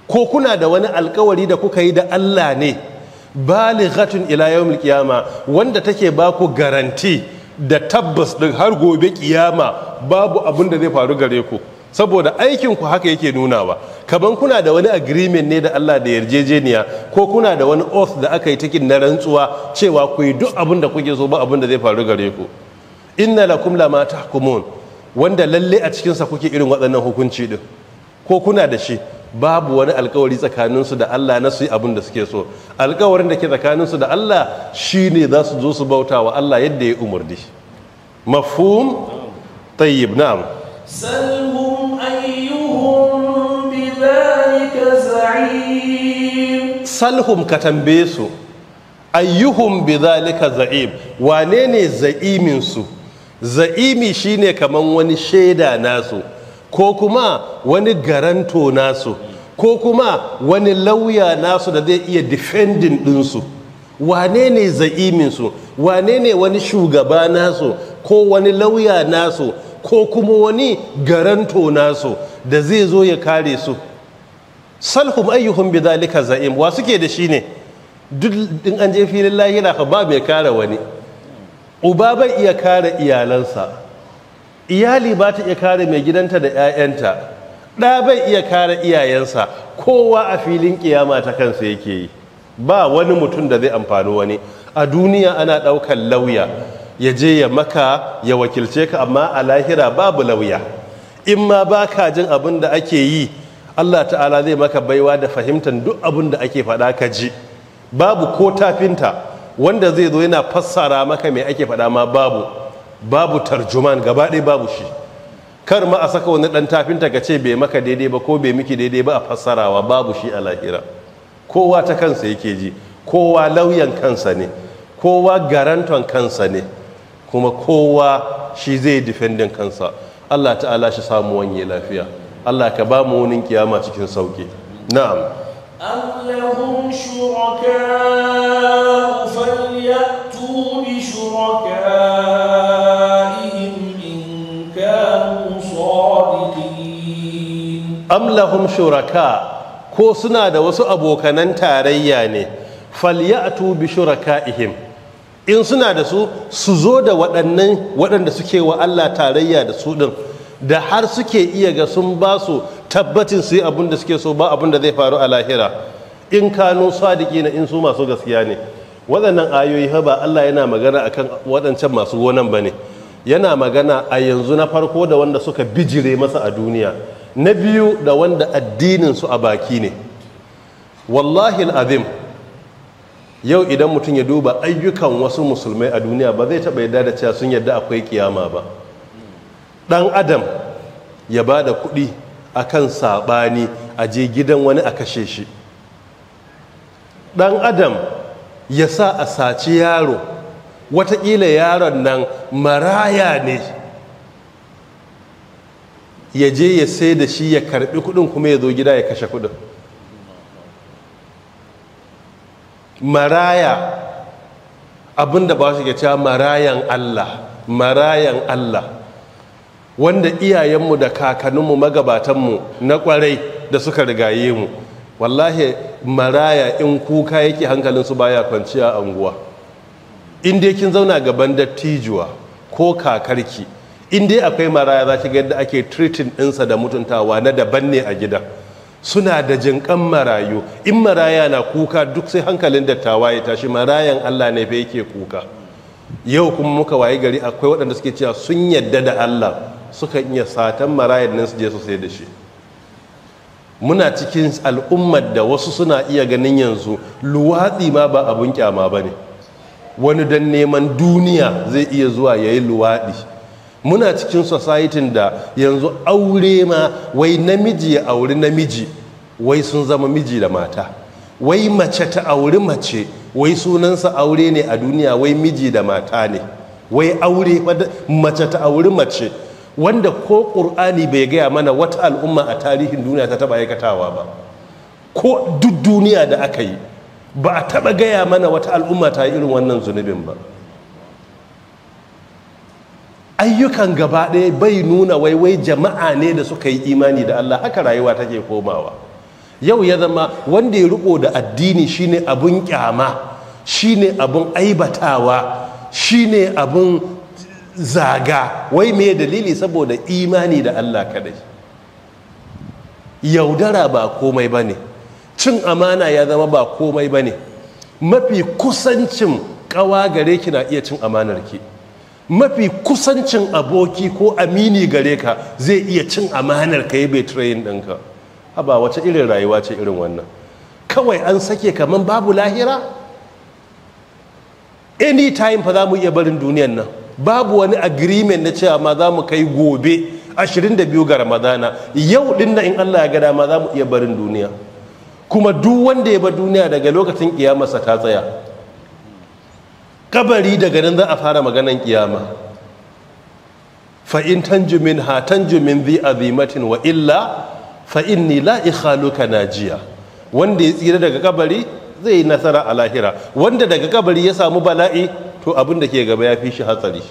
ko kuna da wani alkawari da kuka yi da Allah ne bali ghatun ila yawmil qiyama wanda take ba ku garanti da tabbas ɗin har gobe kiyama babu abin da zai faru gare ku saboda aikin ku haka yake nunawa kaban kuna da wani agreement ne da Allah da yarjejeniya ko kuna da wani oath da aka yi takin na rantsuwa cewa ku yi duk abin da kuke so ba abin da zai faru gare ku inna lakum ma tahkumun wanda lalle a cikin sa kuke irin waɗannan hukunci din ko kuna da shi babu wani alkawari tsakaninsu da Allah na su yi abin da suke so alkawarin da ke tsakaninsu da Allah shi ne za su zo su bauta wa Allah yadda ya umarni mafum tayyib na'am salhum ayyuhum bidhalika za'im salhum ka tambaye su ayyuhum bidhalika za'im wane ne za'imin su za'imi shine kaman wani shaida nasu ko kuma wani garanto nasu ko kuma wani lauya nasu da zai iya defending ɗinsu wane ne za'iminsu wane ne wani shugaba nasu ko wani lauya nasu ko kuma wani garanto nasu da zai zo ya kare su salhum ayyuhum bidhalika za'im wa suke da shi ne duk in an je filin lahira fa ba mai kare wani uba bai iya kare iyalansa iyali ba ta iya kare mai gidanta da 'ya'yanta ɗa bai iya kare iyayensa kowa a filin kiyama ta kansa yake yi ba wani mutum da zai amfani wani a duniya ana ɗaukar lauya ya je ya maka ya wakilce ka amma a lahira babu lauya in ma ba ka jin abin da ake yi allah ta'ala zai maka baiwa da fahimtar duk abin da ake faɗa ka ji babu ko tafinta wanda zai zo yana fassara maka mai ake faɗa ma babu babu tarjuman gaba ɗaya babu shi kar ma a saka wani ɗan tafinta ka ce bai maka daidai ba ko bai miki daidai ba a fassarawa babu shi a lahira kowa ta kansa yake ji kowa lauyan kansa ne kowa garanton kansa ne kuma kowa shi zai difendin kansa Allah ta'ala shi samu wanye lafiya Allah ka ba mu wunin kiyama cikin sauƙi. na'am amlahum shuraka ko suna da wasu abokanan tarayya ne falyatu bi ihim in suna da su su zo da waɗannan waɗanda suke wa Allah tarayya da su ɗin da har suke iya ga sun ba su tabbacin su yi abin da suke so ba abin da zai faru a lahira in kano sadiki na in su masu gaskiya ne waɗannan ayoyi ba Allah yana magana akan waɗancan masu gonan ba ne yana magana a yanzu na farko da wanda suka bijire masa a duniya na biyu da wanda addinin su a baki ne wallahi azim yau idan mutum ya duba ayyukan wasu musulmai a duniya ba zai taɓa yadda da cewa sun yadda akwai kiyama ba ɗan adam ya ba da kuɗi a kan saɓani a je gidan wani a kashe shi ɗan adam ya sa a saci yaro watakila yaron nan maraya ne ya je ya sai da shi ya karbi kudin kuma ya zo gida ya kashe kudin maraya abinda ba su ga cewa marayan Allah marayan Allah wanda iyayenmu da kakanninmu magabatanmu na kwarai da suka rigaye mu wallahi maraya in kuka yake su baya kwanciya anguwa in dai kin zauna gaban dattijuwa ko kakarki in dai akwai maraya za ga yadda ake treating ɗinsa da mutuntawa na daban ne a gida. suna da jinƙan marayu in maraya na kuka duk sai hankalin dattawa ya tashi marayan allah ne fa yake kuka yau kuma muka waye gari akwai waɗanda suke cewa sun yadda da allah suka iya satan marayan nan su je su sai da shi muna cikin al'ummar da wasu suna iya ganin yanzu luwatsi ma ba abun kyama ba ne wani don neman duniya zai iya zuwa ya yi luwaɗi muna cikin societin da yanzu aure ma wai namiji ya auri namiji wai sun zama miji da mata wai mace ta auri mace wai sunansa aure ne a duniya wai miji da mata ne wai aure mace ta auri mace wanda ko ƙur'ani bai gaya mana wata al'umma a tarihin duniya ta taba aikatawa ba ko duk duniya da aka yi ba a taɓa gaya mana wata al'umma ta yi irin wannan zunubin ba ayyukan gaba ɗaya bai nuna waiwai jama'a ne da suka yi imani da Allah haka rayuwa take komawa yau ya zama wanda ya riko da addini shine abun kyama shine abun aibatawa shine abun zaga wai me dalili saboda imani da Allah kadai yaudara ba komai bane cin amana ya zama ba komai bane mafi kusancin kawa gare ki na iya cin amanar ki mafi kusancin aboki ko amini gare ka zai iya cin amanar ka yi betrayin ɗinka haba wace irin rayuwa ce irin wannan kawai an sake kaman babu lahira anytime fa za mu iya barin duniyan nan babu wani agreement na cewa ma za mu kai gobe 22 ga ramadana yau din na in allah ya gada ma za mu iya barin duniya kuma duk wanda ya ba duniya daga lokacin kiyamarsa ta tsaya kabari daga nan za a fara maganan kiyama fa'in tanjumin ha tanjumin zai azimatin wa illa fa'in ni la na jiya. wanda ya tsira daga kabari zai yi nasara a lahira wanda daga kabari ya samu bala'i to abin da ke gaba ya fi shi hatsari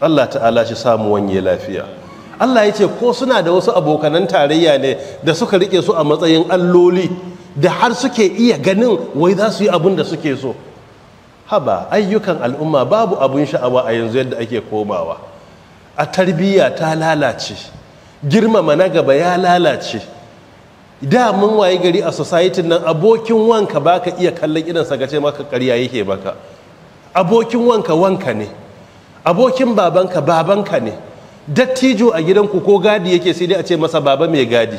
Allah ta'ala shi samu wanye lafiya Allah ya ce ko suna da wasu abokanan tarayya ne da suka rike su a matsayin alloli da har suke iya ganin wai za su yi abin da suke so haba ayyukan al'umma babu abun sha'awa a yanzu yadda ake komawa a tarbiyya ta lalace girmama na gaba ya lalace da mun waye gari a society nan abokin wanka baka iya kallon idan saka ce maka ƙarya yake baka abokin wanka wanka ne abokin babanka babanka ne dattijo a gidanku ko gadi yake sai dai a ce masa baba mai gadi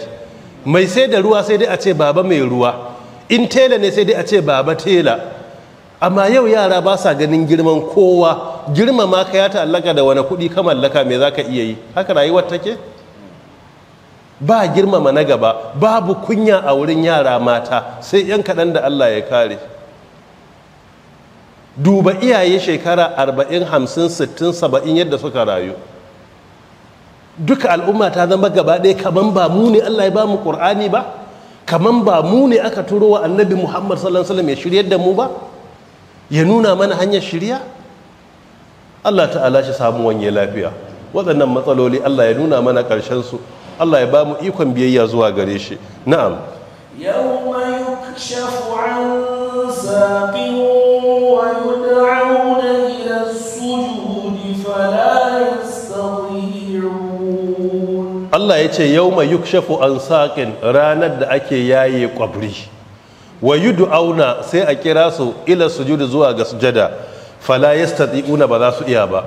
mai sai da ruwa sai dai a ce baba mai ruwa in tela ne sai dai a ce baba tela amma yau yara ba sa ganin girman kowa girmama ka ya ta'allaka da wani kuɗi ka mallaka me za ka iya yi haka rayuwar take ba girmama na gaba babu kunya a wurin yara mata sai 'yan kaɗan da allah ya kare duba iyaye shekara 40 50 60 70 yadda suka rayu duka al'umma ta zama gaba ɗaya kaman ba mu ne allah ya ba mu ƙur'ani ba kaman ba mu ne aka turo wa annabi muhammad sallallahu alaihi wasallam ya shiryar da mu ba ya nuna mana hanyar shirya Allah ta'ala shi samu wanye lafiya waɗannan matsaloli Allah ya nuna mana ƙarshen su Allah ya ba mu ikon biyayya zuwa gare shi na'am Allah ya an yau mai yukshafu an saƙin ranar da ake yaye ƙwabri. wa auna sai a kira su ila sujud zuwa ga sujada fala yastati'una ba za su iya ba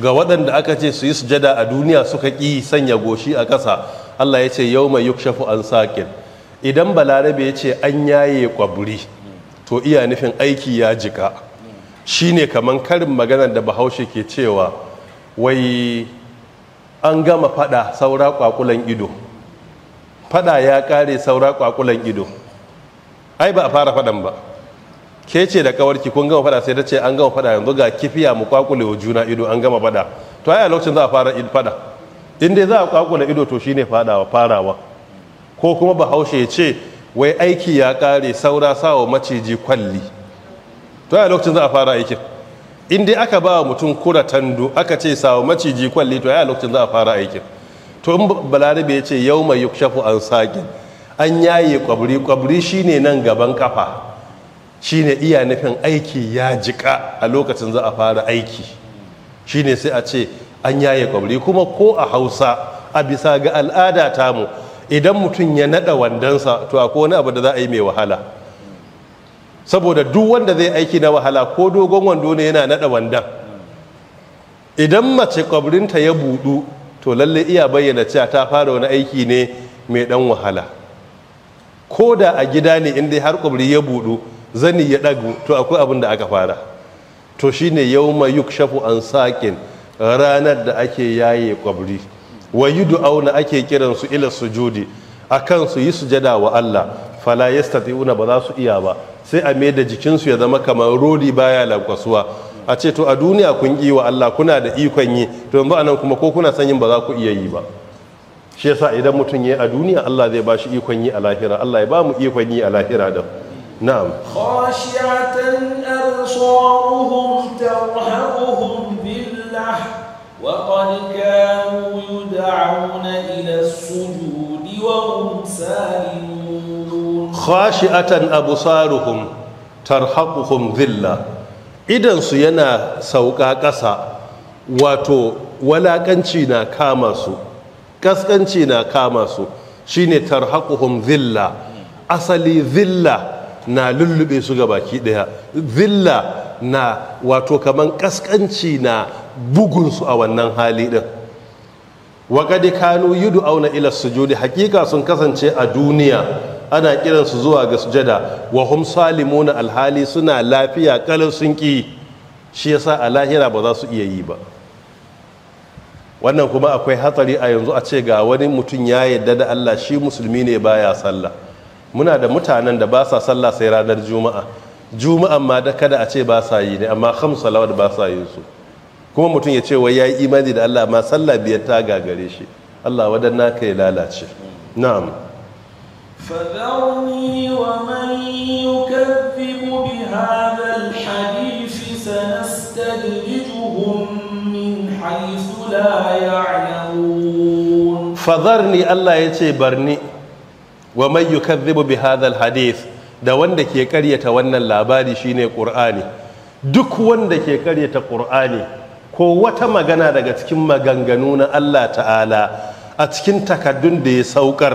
ga waɗanda aka ce su yi sujada a duniya suka ƙi sanya goshi a ƙasa Allah ya ce yi shafi an sakin idan balarabe ya ce an yaye kwaburi to iya nufin aiki ya jika ne kamar karin maganar da bahaushe ke cewa wai an gama fada saura kwakulan ido fada ya kare saura kwakulan ido ai ba a fara faɗan ba ke ce da kawarki kun gama faɗa sai ta ce an gama faɗa yanzu ga kifiya mu kwakule wa juna ido an gama faɗa to ai a lokacin za a fara faɗa in dai za a kwakule ido to shine faɗawa farawa ko kuma bahaushe ya ce wai aiki ya ƙare saura sawa maciji kwalli to ai a lokacin za a fara aikin in dai aka ba mutum kura tando aka ce sawa maciji kwalli to ai a lokacin za a fara aikin to in balarabe ya ce yau mai yukshafu an sakin an yaye kwabri kwabri shine nan gaban kafa shine iya nufin aiki ya jika a lokacin za a fara aiki shine sai a ce an yaye kwabri kuma ko a hausa a bisa ga al'ada mu, idan mutum ya nada wandansa to akwai wani abu da za a yi mai wahala saboda duk wanda zai aiki na wahala ko dogon wando ne yana nada wandan idan mace kwabrinta ya budu to lalle iya bayyana cewa ta fara wani aiki ne mai dan wahala ko da a gida ne inda har kubri ya budu zani ya dagu to akwai abin da aka fara to shine yawma yukshafu an saqin ranar da ake yaye kwabri wa yud'auna ake kiransu ila sujudi akan su yi sujada wa Allah fala yastati'una ba za su iya ba sai a mai da jikinsu ya zama kamar rodi baya lakwasuwa. a ce to a duniya kun yi wa Allah kuna da ikon yi to yanzu anan kuma ko kuna son yin ba za ku iya yi ba shi yasa idan mutum ya a duniya Allah zai bashi ikon yi a lahira Allah ya ba mu ikon yi a lahira da na'am khashiyatan absaruhum tarhaquhum billah wa qad kanu yud'auna ila as-sujudi wa hum salimun khashiyatan absaruhum tarhaquhum dhillah idan su yana sauka ƙasa wato walakanci na kama su kaskanci na kama su shine tarhaquhum zilla asali zilla na lullube su ga baki daya zilla na wato kamar kaskanci na bugun su a wannan hali din wa kad kanu yud'auna ila sujudi hakika sun kasance a duniya ana kiransu zuwa ga sujada wa hum salimuna alhali suna lafiya kalar sun ki shi yasa a lahira ba za su iya yi ba wannan kuma akwai hatsari a yanzu a ce ga wani mutum ya yadda da Allah shi musulmi ne baya sallah muna da mutanen da ba sa sallah sai ranar juma'a juma'a ma da kada a ce ba sa yi ne amma kham salawat ba sa yin su kuma mutum ya ce wai ya yi imani da Allah ma sallah biyar ta gagare shi Allah wadan naka ya lalace na'am فذرني لا ne Allah yace يتي برني ومن bi بهذا hadith, da wanda ke karyata wannan labari shine Qur'ani duk wanda ke karyata Qur'ani ko wata magana daga cikin maganganu na Allah ta'ala a cikin takaddun da ya saukar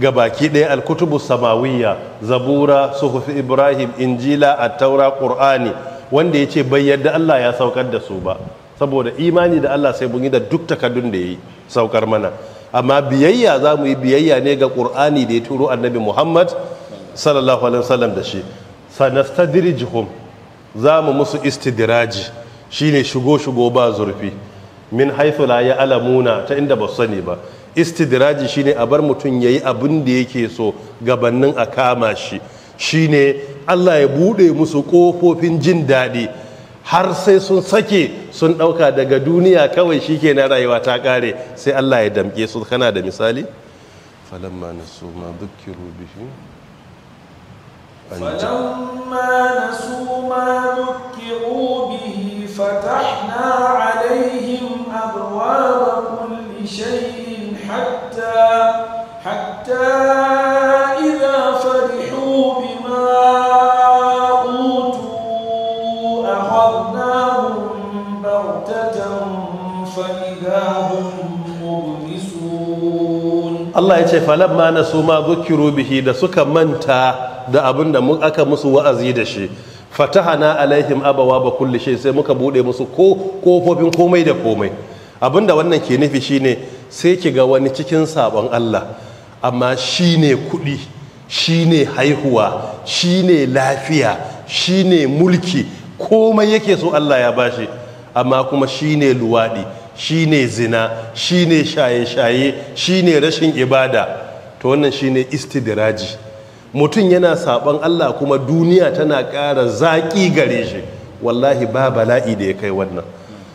ga baki ɗaya alkutubu samawiyya zabura suhufi ibrahim injila a taura ƙur'ani wanda ya ce bai yadda allah ya saukar da su ba saboda imani da Allah sai mun yi da duk takaddun da ya yi saukar mana amma biyayya za mu yi biyayya ne ga Ƙur'ani da ya turo Annabi Muhammad sallallahu alaihi wasallam da shi sanastadrijuhum za mu musu istidiraji shine shigo shigo ba zurfi min haithu la ya'lamuna ta inda ba sani ba istidiraji shine a bar mutum yayi abin da yake so gabannin a kama shi shine Allah ya bude musu kofofin jin daɗi har sai sun sake sun dauka daga duniya kawai shi na rayuwa ta kare sai Allah ya damke su kana da misali falamma nasu ma dhukiru bihi falamma nasu ma dhukiru bihi fatahna alaihim abwaaba kulli shay'in hatta hatta Allah ya ce falamma na su ma zukiru bihi da suka manta da abin da aka musu wa'azi da shi fatahana alaihim abawa ba kulli shi sai muka bude musu ko kofofin komai da komai abin da wannan ke nufi shine sai ki ga wani cikin sabon Allah amma shine kudi shine haihuwa shine lafiya shine mulki komai yake so Allah ya bashi amma kuma shine luwaɗi. shine zina shine shaye-shaye shine rashin ibada ta wannan shine istidiraji mutum yana saban Allah kuma duniya tana ƙara zaƙi gare shi wallahi ba bala'i da ya kai wannan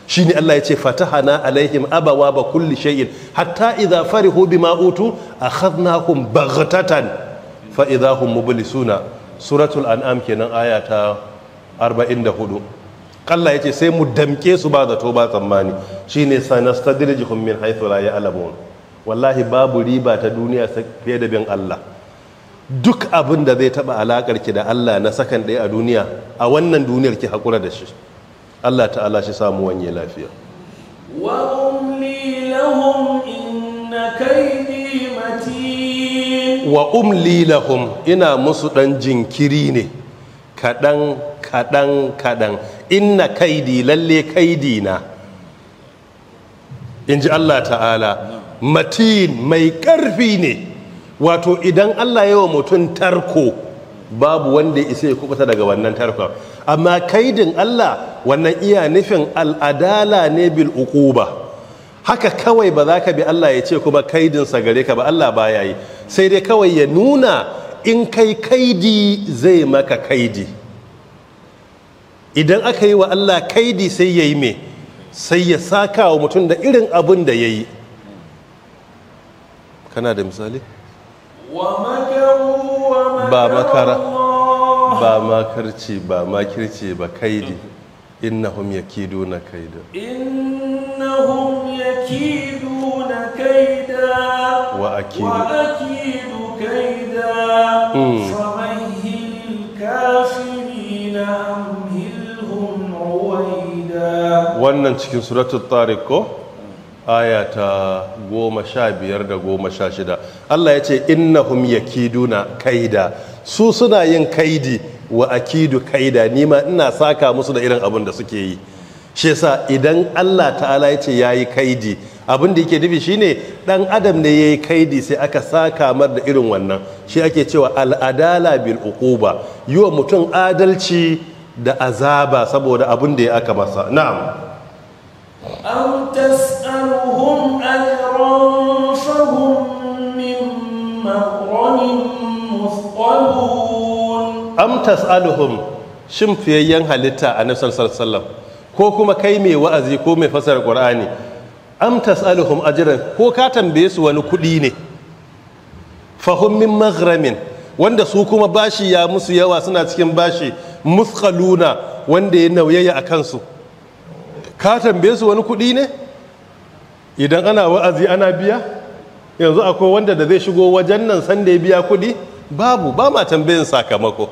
shi ne Allah ya ce fataha na alaihim abawa ba kulli shay'in hatta idza farihu bima utu akhadnahum baghtatan fa idza hum mublisuna suratul an'am kenan aya ta 44 Allah ya ce sai mu damke su ba zato ba tsammani shi ne shine da min haythu la ya'lamun wallahi babu riba ta duniya fiye da bin Allah duk abin da zai taba alakar ki da Allah na sakan ɗaya a duniya a wannan duniyar ki hakura da shi Allah ta'ala shi samu wanye lafiya wa umli wa umli lahum ina musu dan jinkiri ne kadan kadan kadan inna kaidi lalle kaidi na in ji Allah ta'ala matin mai ƙarfi ne wato idan Allah yawa mutum tarko babu wanda ya isa ya kubuta daga wannan tarkon amma kaidin Allah wannan iya nufin al'adala ne bil ukuba haka kawai ba za ka bi Allah ya ce kuma kaidinsa gare ka ba Allah ba ya yi sai dai kawai ya nuna in kai kaidi zai maka kaidi idan aka yi wa Allah kaidi sai ya yi me sai ya saka wa mutum da irin abin da ya yi kana da misali ba makara ba makarci ba makirci ba kaidi innahum na kaida na yakiduna kaida wa akidu wa akidu kaida mm. kafin na amma wannan cikin suratul tarik ko ayata goma sha biyar da goma sha shida Allah ya ce innahum yakiduna kaida su suna yin kaidi wa akidu kaida nima ina saka musu da irin abin da suke yi shi yasa idan Allah ta'ala ya ce yayi kaidi abin da yake nufi shine dan adam ne yayi kaidi sai aka saka mar da irin wannan shi ake cewa al'adala bil yi wa mutum adalci da azaba saboda abin da ya aka masa na'am Amtas tas'aluhum ajran fahum halitta a nafsar sallallahu ko kuma kai mai wa'azi ko mai fasar qur'ani am tas'aluhum ajran ko ka tambaye su wani kuɗi ne Fahimmin min maghramin wanda su kuma bashi ya musu yawa suna cikin bashi Muskaluna wanda ya nauyaya a kansu ka tambaye su wani kuɗi ne idan ana wa'azi ana biya yanzu akwai wanda da zai shigo wajen nan sanda ya biya kuɗi babu ba ma tambayin sakamako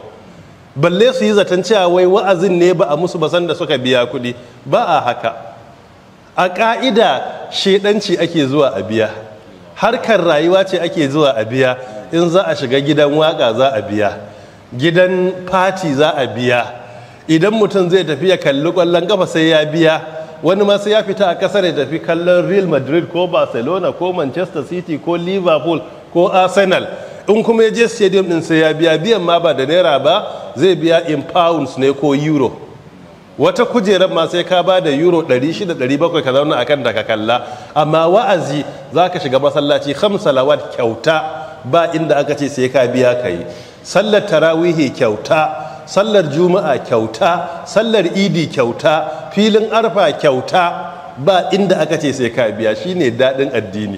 balle su yi zaton cewa wai wa'azin ne ba a musu ba sanda suka biya kuɗi ba a haka a ƙa'ida shedanci ake zuwa a biya harkar rayuwa ce ake zuwa a biya in za a shiga gidan waka za a biya gidan fati za a biya idan mutum zai tafi ya kalli kwallon kafa sai ya biya wani masu ya fita a kasar ya tafi kallon real madrid ko barcelona ko manchester city ko liverpool ko arsenal in kuma ya je stadium din sai ya biya biyan ma ba da naira ba zai biya in pounds ne ko euro wata kujerar ma sai ka ba da euro 600-700 ka zauna akan da ka kalla amma wa'azi za ka shiga masallaci khamsalawat kyauta ba inda aka ce sai ka biya ka yi sallar tarawihi kyauta sallar juma'a kyauta sallar idi kyauta filin arfa kyauta ba inda aka ce sai ka biya shine daɗin addini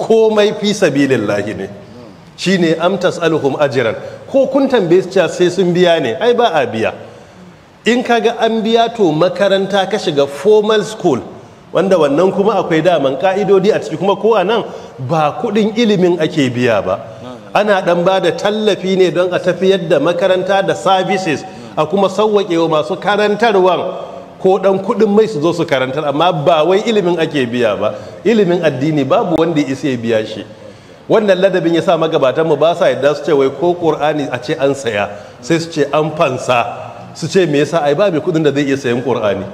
komai fi sabilillahi ne shine amtas alhum ajiran ko kun tambaye su cewa sai sun biya ne ai ba a biya in ka ga an biya to makaranta ka shiga formal school wanda wannan kuma akwai daman ka'idodi a ciki kuma ko a nan ba kuɗin ilimin ake biya ba ana dan ba da tallafi ne don a tafiyar da makaranta da services a kuma sauwaƙe wa masu karantarwan ko dan kudin mai su zo su karantar amma ba wai ilimin ake biya ba ilimin addini babu wanda isa ya biya shi wannan ladabin ya sa magabatan mu ba sa yadda su ce wai ko qur'ani a ce an saya sai su ce an fansa su ce me yasa ai ba mai kudin da zai iya sayan qur'ani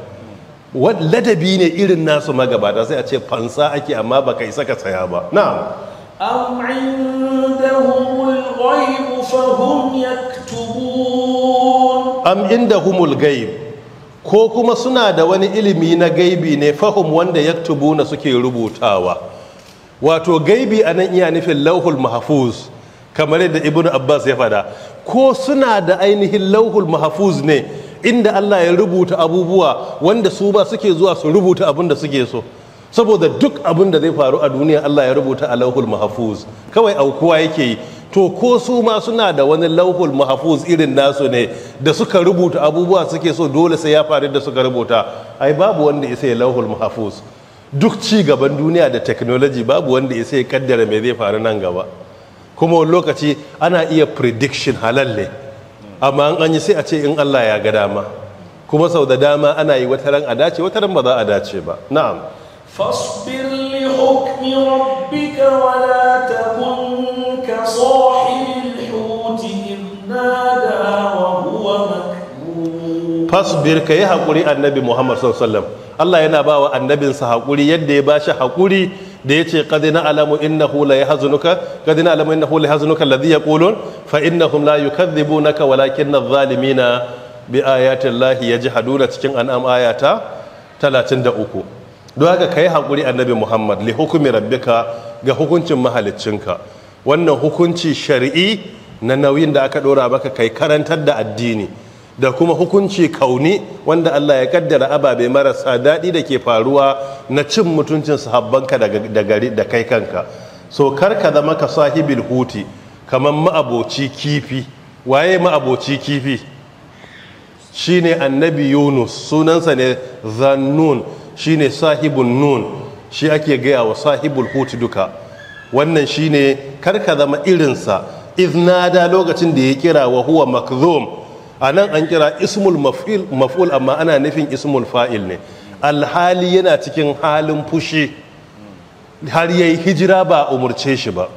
ladabi ne irin nasu magabata sai a ce fansa ake amma baka isa ka saya ba na'am أم عندهم الغيب فهم ko kuma suna da wani ilimi na gaibi ne fahim wanda ya na suke rubutawa wato gaibi a nan iya nufin lauhul mahafuz kamar yadda ibn abbas ya fada ko suna da ainihin lauhul mahafuz ne inda allah ya rubuta abubuwa wanda su ba suke zuwa su rubuta abin da suke so saboda duk abin da zai faru a duniya Allah ya rubuta a lauhul mahafuz kawai aukuwa yake yi to ko su ma suna da wani lauhul mahafuz irin nasu ne da suka rubuta abubuwa suke so dole sai ya faru da suka rubuta ai babu wanda ya sai lauhul mahafuz duk ci gaban duniya da technology babu wanda ya sai kaddara me zai faru nan gaba kuma lokaci ana iya prediction halalle. amma an yi sai a ce in Allah ya ga dama kuma sau da dama ana yi wataran a dace wataran ba za a dace ba na'am فاصبر لحكم ربك ولا تكن كصاحب الحوت إذ نادى وهو مكبول فاصبر كي هقولي النبي محمد صلى الله عليه وسلم الله ينبا والنبي صحقولي يدي باشا هقولي ديتي قد نعلم انه لا يحزنك قد نعلم انه لا يحزنك الذي يقولون فانهم لا يكذبونك ولكن الظالمين بايات الله يجحدون تكن انام اياتا 33 don haka ka yi haƙuri annabi muhammad li hukumi rabbika ga hukuncin mahaliccinka wannan hukunci shari'i na nauyin da aka ɗora maka kai karantar da addini da kuma hukunci kauni wanda allah ya kaddara ababe marasa daɗi da ke faruwa na cin mutuncin sahabbanka da gari da kai kanka so kar ka zama ka sahibil huti kamar ma'aboci kifi waye ma'aboci kifi shine annabi yunus sunansa ne zannun shine sahibun nun shi ake gaya wa sahibul hutu duka wannan shine karka zama irinsa iznada lokacin da ya kira wa huwa makzum a nan an kira ismul maf'ul amma ana nufin ismul fa'il ne alhali yana cikin halin fushi har yayi hijira ba umarce shi ba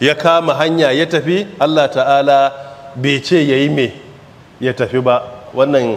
ya kama hanya ya tafi Allah ta'ala bai ce ya yi me ya tafi ba wannan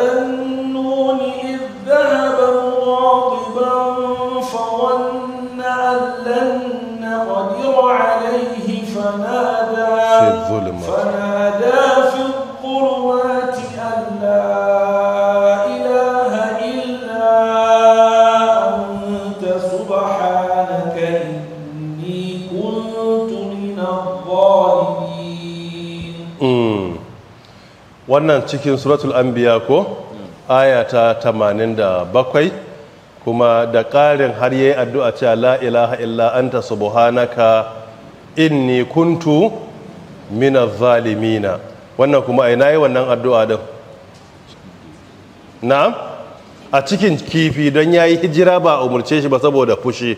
الظلمة wannan cikin suratul anbiya ko aya ta bakwai, kuma da ƙarin har yayi addu'a cewa la ilaha illa anta subhanaka inni kuntu mina zalimina wannan kuma ai nayi wannan addu'a din na a cikin kifi don ya yi hijira ba a umurce shi ba saboda fushi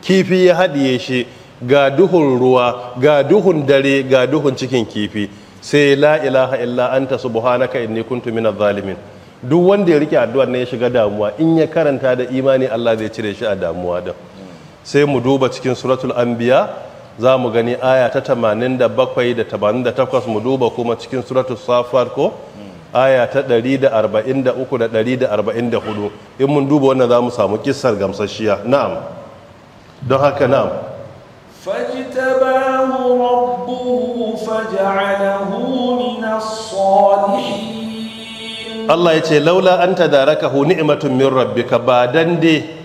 kifi ya haɗiye shi ga duhun ruwa ga duhun dare ga duhun cikin kifi sai la ilaha illa anta subhanaka inni kuntu minaz zalimin duk wanda ya rike addu'ar ne ya shiga damuwa in ya karanta da imani Allah zai cire shi a damuwa da sai mu duba cikin suratul anbiya za mu gani aya ta 87 da 88 mu duba kuma cikin suratu safar ko aya ta 143 da 144 in mun duba wannan za mu samu kissar gamsasshiya na'am don haka na'am fajtabahu rabbuhu faj'alahu min as-salihin Allah ya ce laula an tadarakahu ni'matun min rabbika ba dande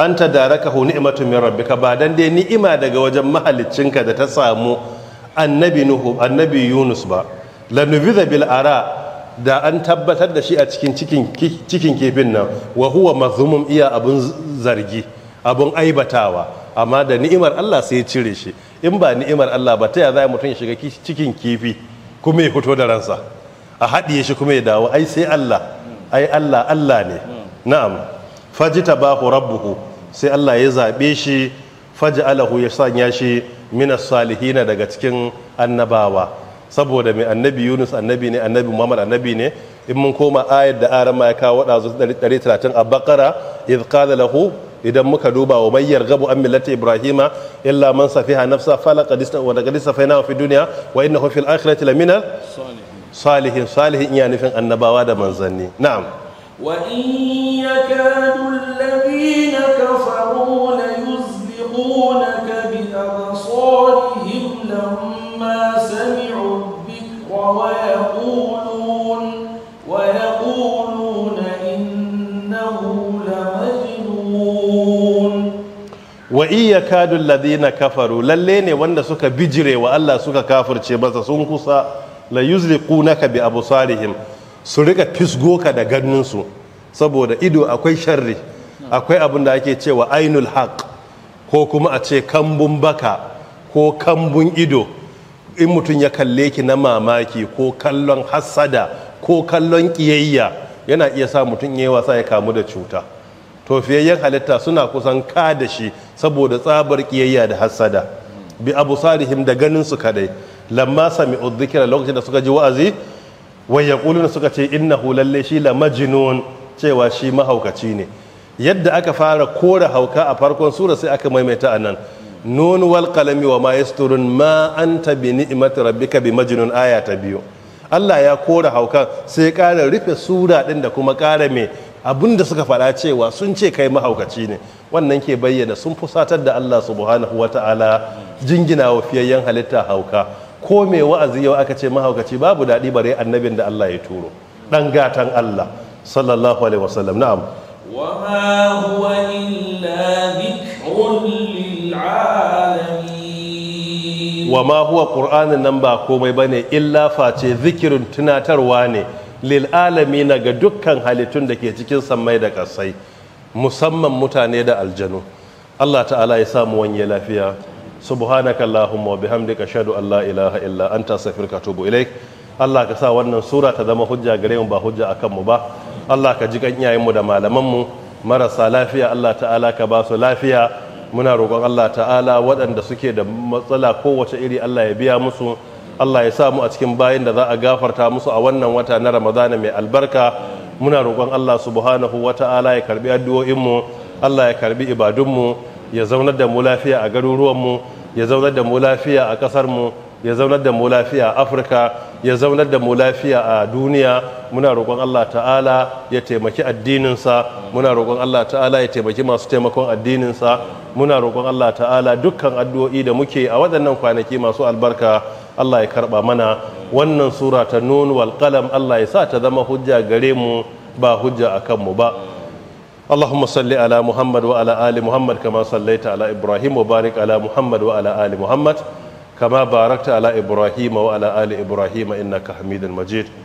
an ta darakahu ni'matun min rabbika ba dan dai ni'ima daga wajen mahaliccinka da ta samu annabi nuhu annabi yunus ba la nubiza bil ara da an tabbatar da shi a cikin cikin kifin nan wa huwa mazmum iya abun zargi abun aibatawa amma da ni'imar Allah sai ya cire shi in ba ni'imar Allah ba ta ya za mutum ya shiga cikin kifi kuma ya fito da ransa a haɗiye shi kuma ya dawo ai sai Allah ai Allah Allah ne hmm. na'am fajita bahu rabbuhu sai Allah ya zaɓe shi Alahu ya sanya shi minas salihina daga cikin annabawa saboda mai annabi Yunus annabi ne annabi Muhammad annabi ne in mun koma ayar da aran ma ya kawo wadazu 130 a bakara idh qala lahu idan muka duba wa mai yargabu an millati ibrahima illa man safiha nafsa fala qad wa laqad safaina fi dunya wa innahu fil akhirati lamina salihin salihin salihin iya nufin annabawa da manzanni na'am وإن يكاد الذين كفروا ليزلقونك بأبصارهم لما سمعوا الذكر ويقولون ويقولون إنه لمجنون وإن يكاد الذين كفروا للين وأن سك بجري وألا سك كافر شيء بس سنكسا ليزلقونك بأبصارهم su rika fisgo ka da ganinsu saboda ido akwai sharri akwai abin da ake cewa ainul haq ko kuma a ce kambun baka ko kambun ido in mutum ya kalle ki na mamaki ko kallon hassada ko kallon kiyayya yana iya sa mutum yi wasa ya kamu da cuta to fiyayyen halitta suna kusan ka da shi saboda tsabar kiyayya da hassada bi abu salihim da ganin su kadai lamma sami uzzikira lokacin da suka ji wa'azi wai da suka ce ina hulalle shi la majinun cewa shi mahaukaci ne yadda aka fara kora hauka a farkon sura sai aka maimaita anan nun wal kalami wa ma yasturun ma ni bi ni'mati rabbika bi majnun aya ta biyu Allah ya kora haukan sai ƙara rufe sura ɗin da kuma ƙara mai abin da suka faɗa cewa sun ce kai mahaukaci ne wannan ke bayyana sun fusatar da Allah subhanahu wa ta'ala jingina wa fiyayyen halitta hauka ko mai wa'azi yau aka ce mahaukaci babu daɗi bare annabin da Allah ya turo ɗan gatan Allah sallallahu alaihi wasallam na'am wa ma huwa illa dhikrun lil alamin wa ma huwa nan ba komai bane illa face zikirin tunatarwa ne lil alamin ga dukkan halittun da ke cikin sammai da kasai musamman mutane da aljanu Allah ta'ala ya samu wanye lafiya subhanaka allahumma wa bihamdika ashhadu an la ilaha illa anta astaghfiruka wa atubu ilaik Allah ka sa wannan sura ta zama hujja gare mu ba hujja akan mu ba Allah ka ji kan iyayen mu da malaman mu marasa lafiya Allah ta'ala ka ba su lafiya muna roƙon Allah ta'ala waɗanda suke da matsala kowace iri Allah ya biya musu Allah ya samu a cikin bayan da za a gafarta musu a wannan wata na Ramadana mai albarka muna roƙon Allah subhanahu wa ta'ala ya karbi addu'o'inmu Allah ya karbi ibadunmu ya zaunar da mu lafiya a garuruwanmu ya zaunar da mu lafiya a ƙasarmu ya zaunar da mu lafiya a afirka ya zaunar da mu lafiya a duniya muna roƙon allah ta'ala ya taimaki addininsa muna roƙon allah ta'ala ya taimaki masu taimakon addininsa muna roƙon allah ta'ala dukkan addu'o'i da muke a waɗannan kwanaki masu albarka allah ya karɓa mana wannan sura ta nun wal allah ya sa ta zama hujja gare mu ba hujja a kanmu ba اللهم صل على محمد وعلى آل محمد كما صليت على إبراهيم وبارك على محمد وعلى آل محمد كما باركت على إبراهيم وعلى آل إبراهيم إنك حميد مجيد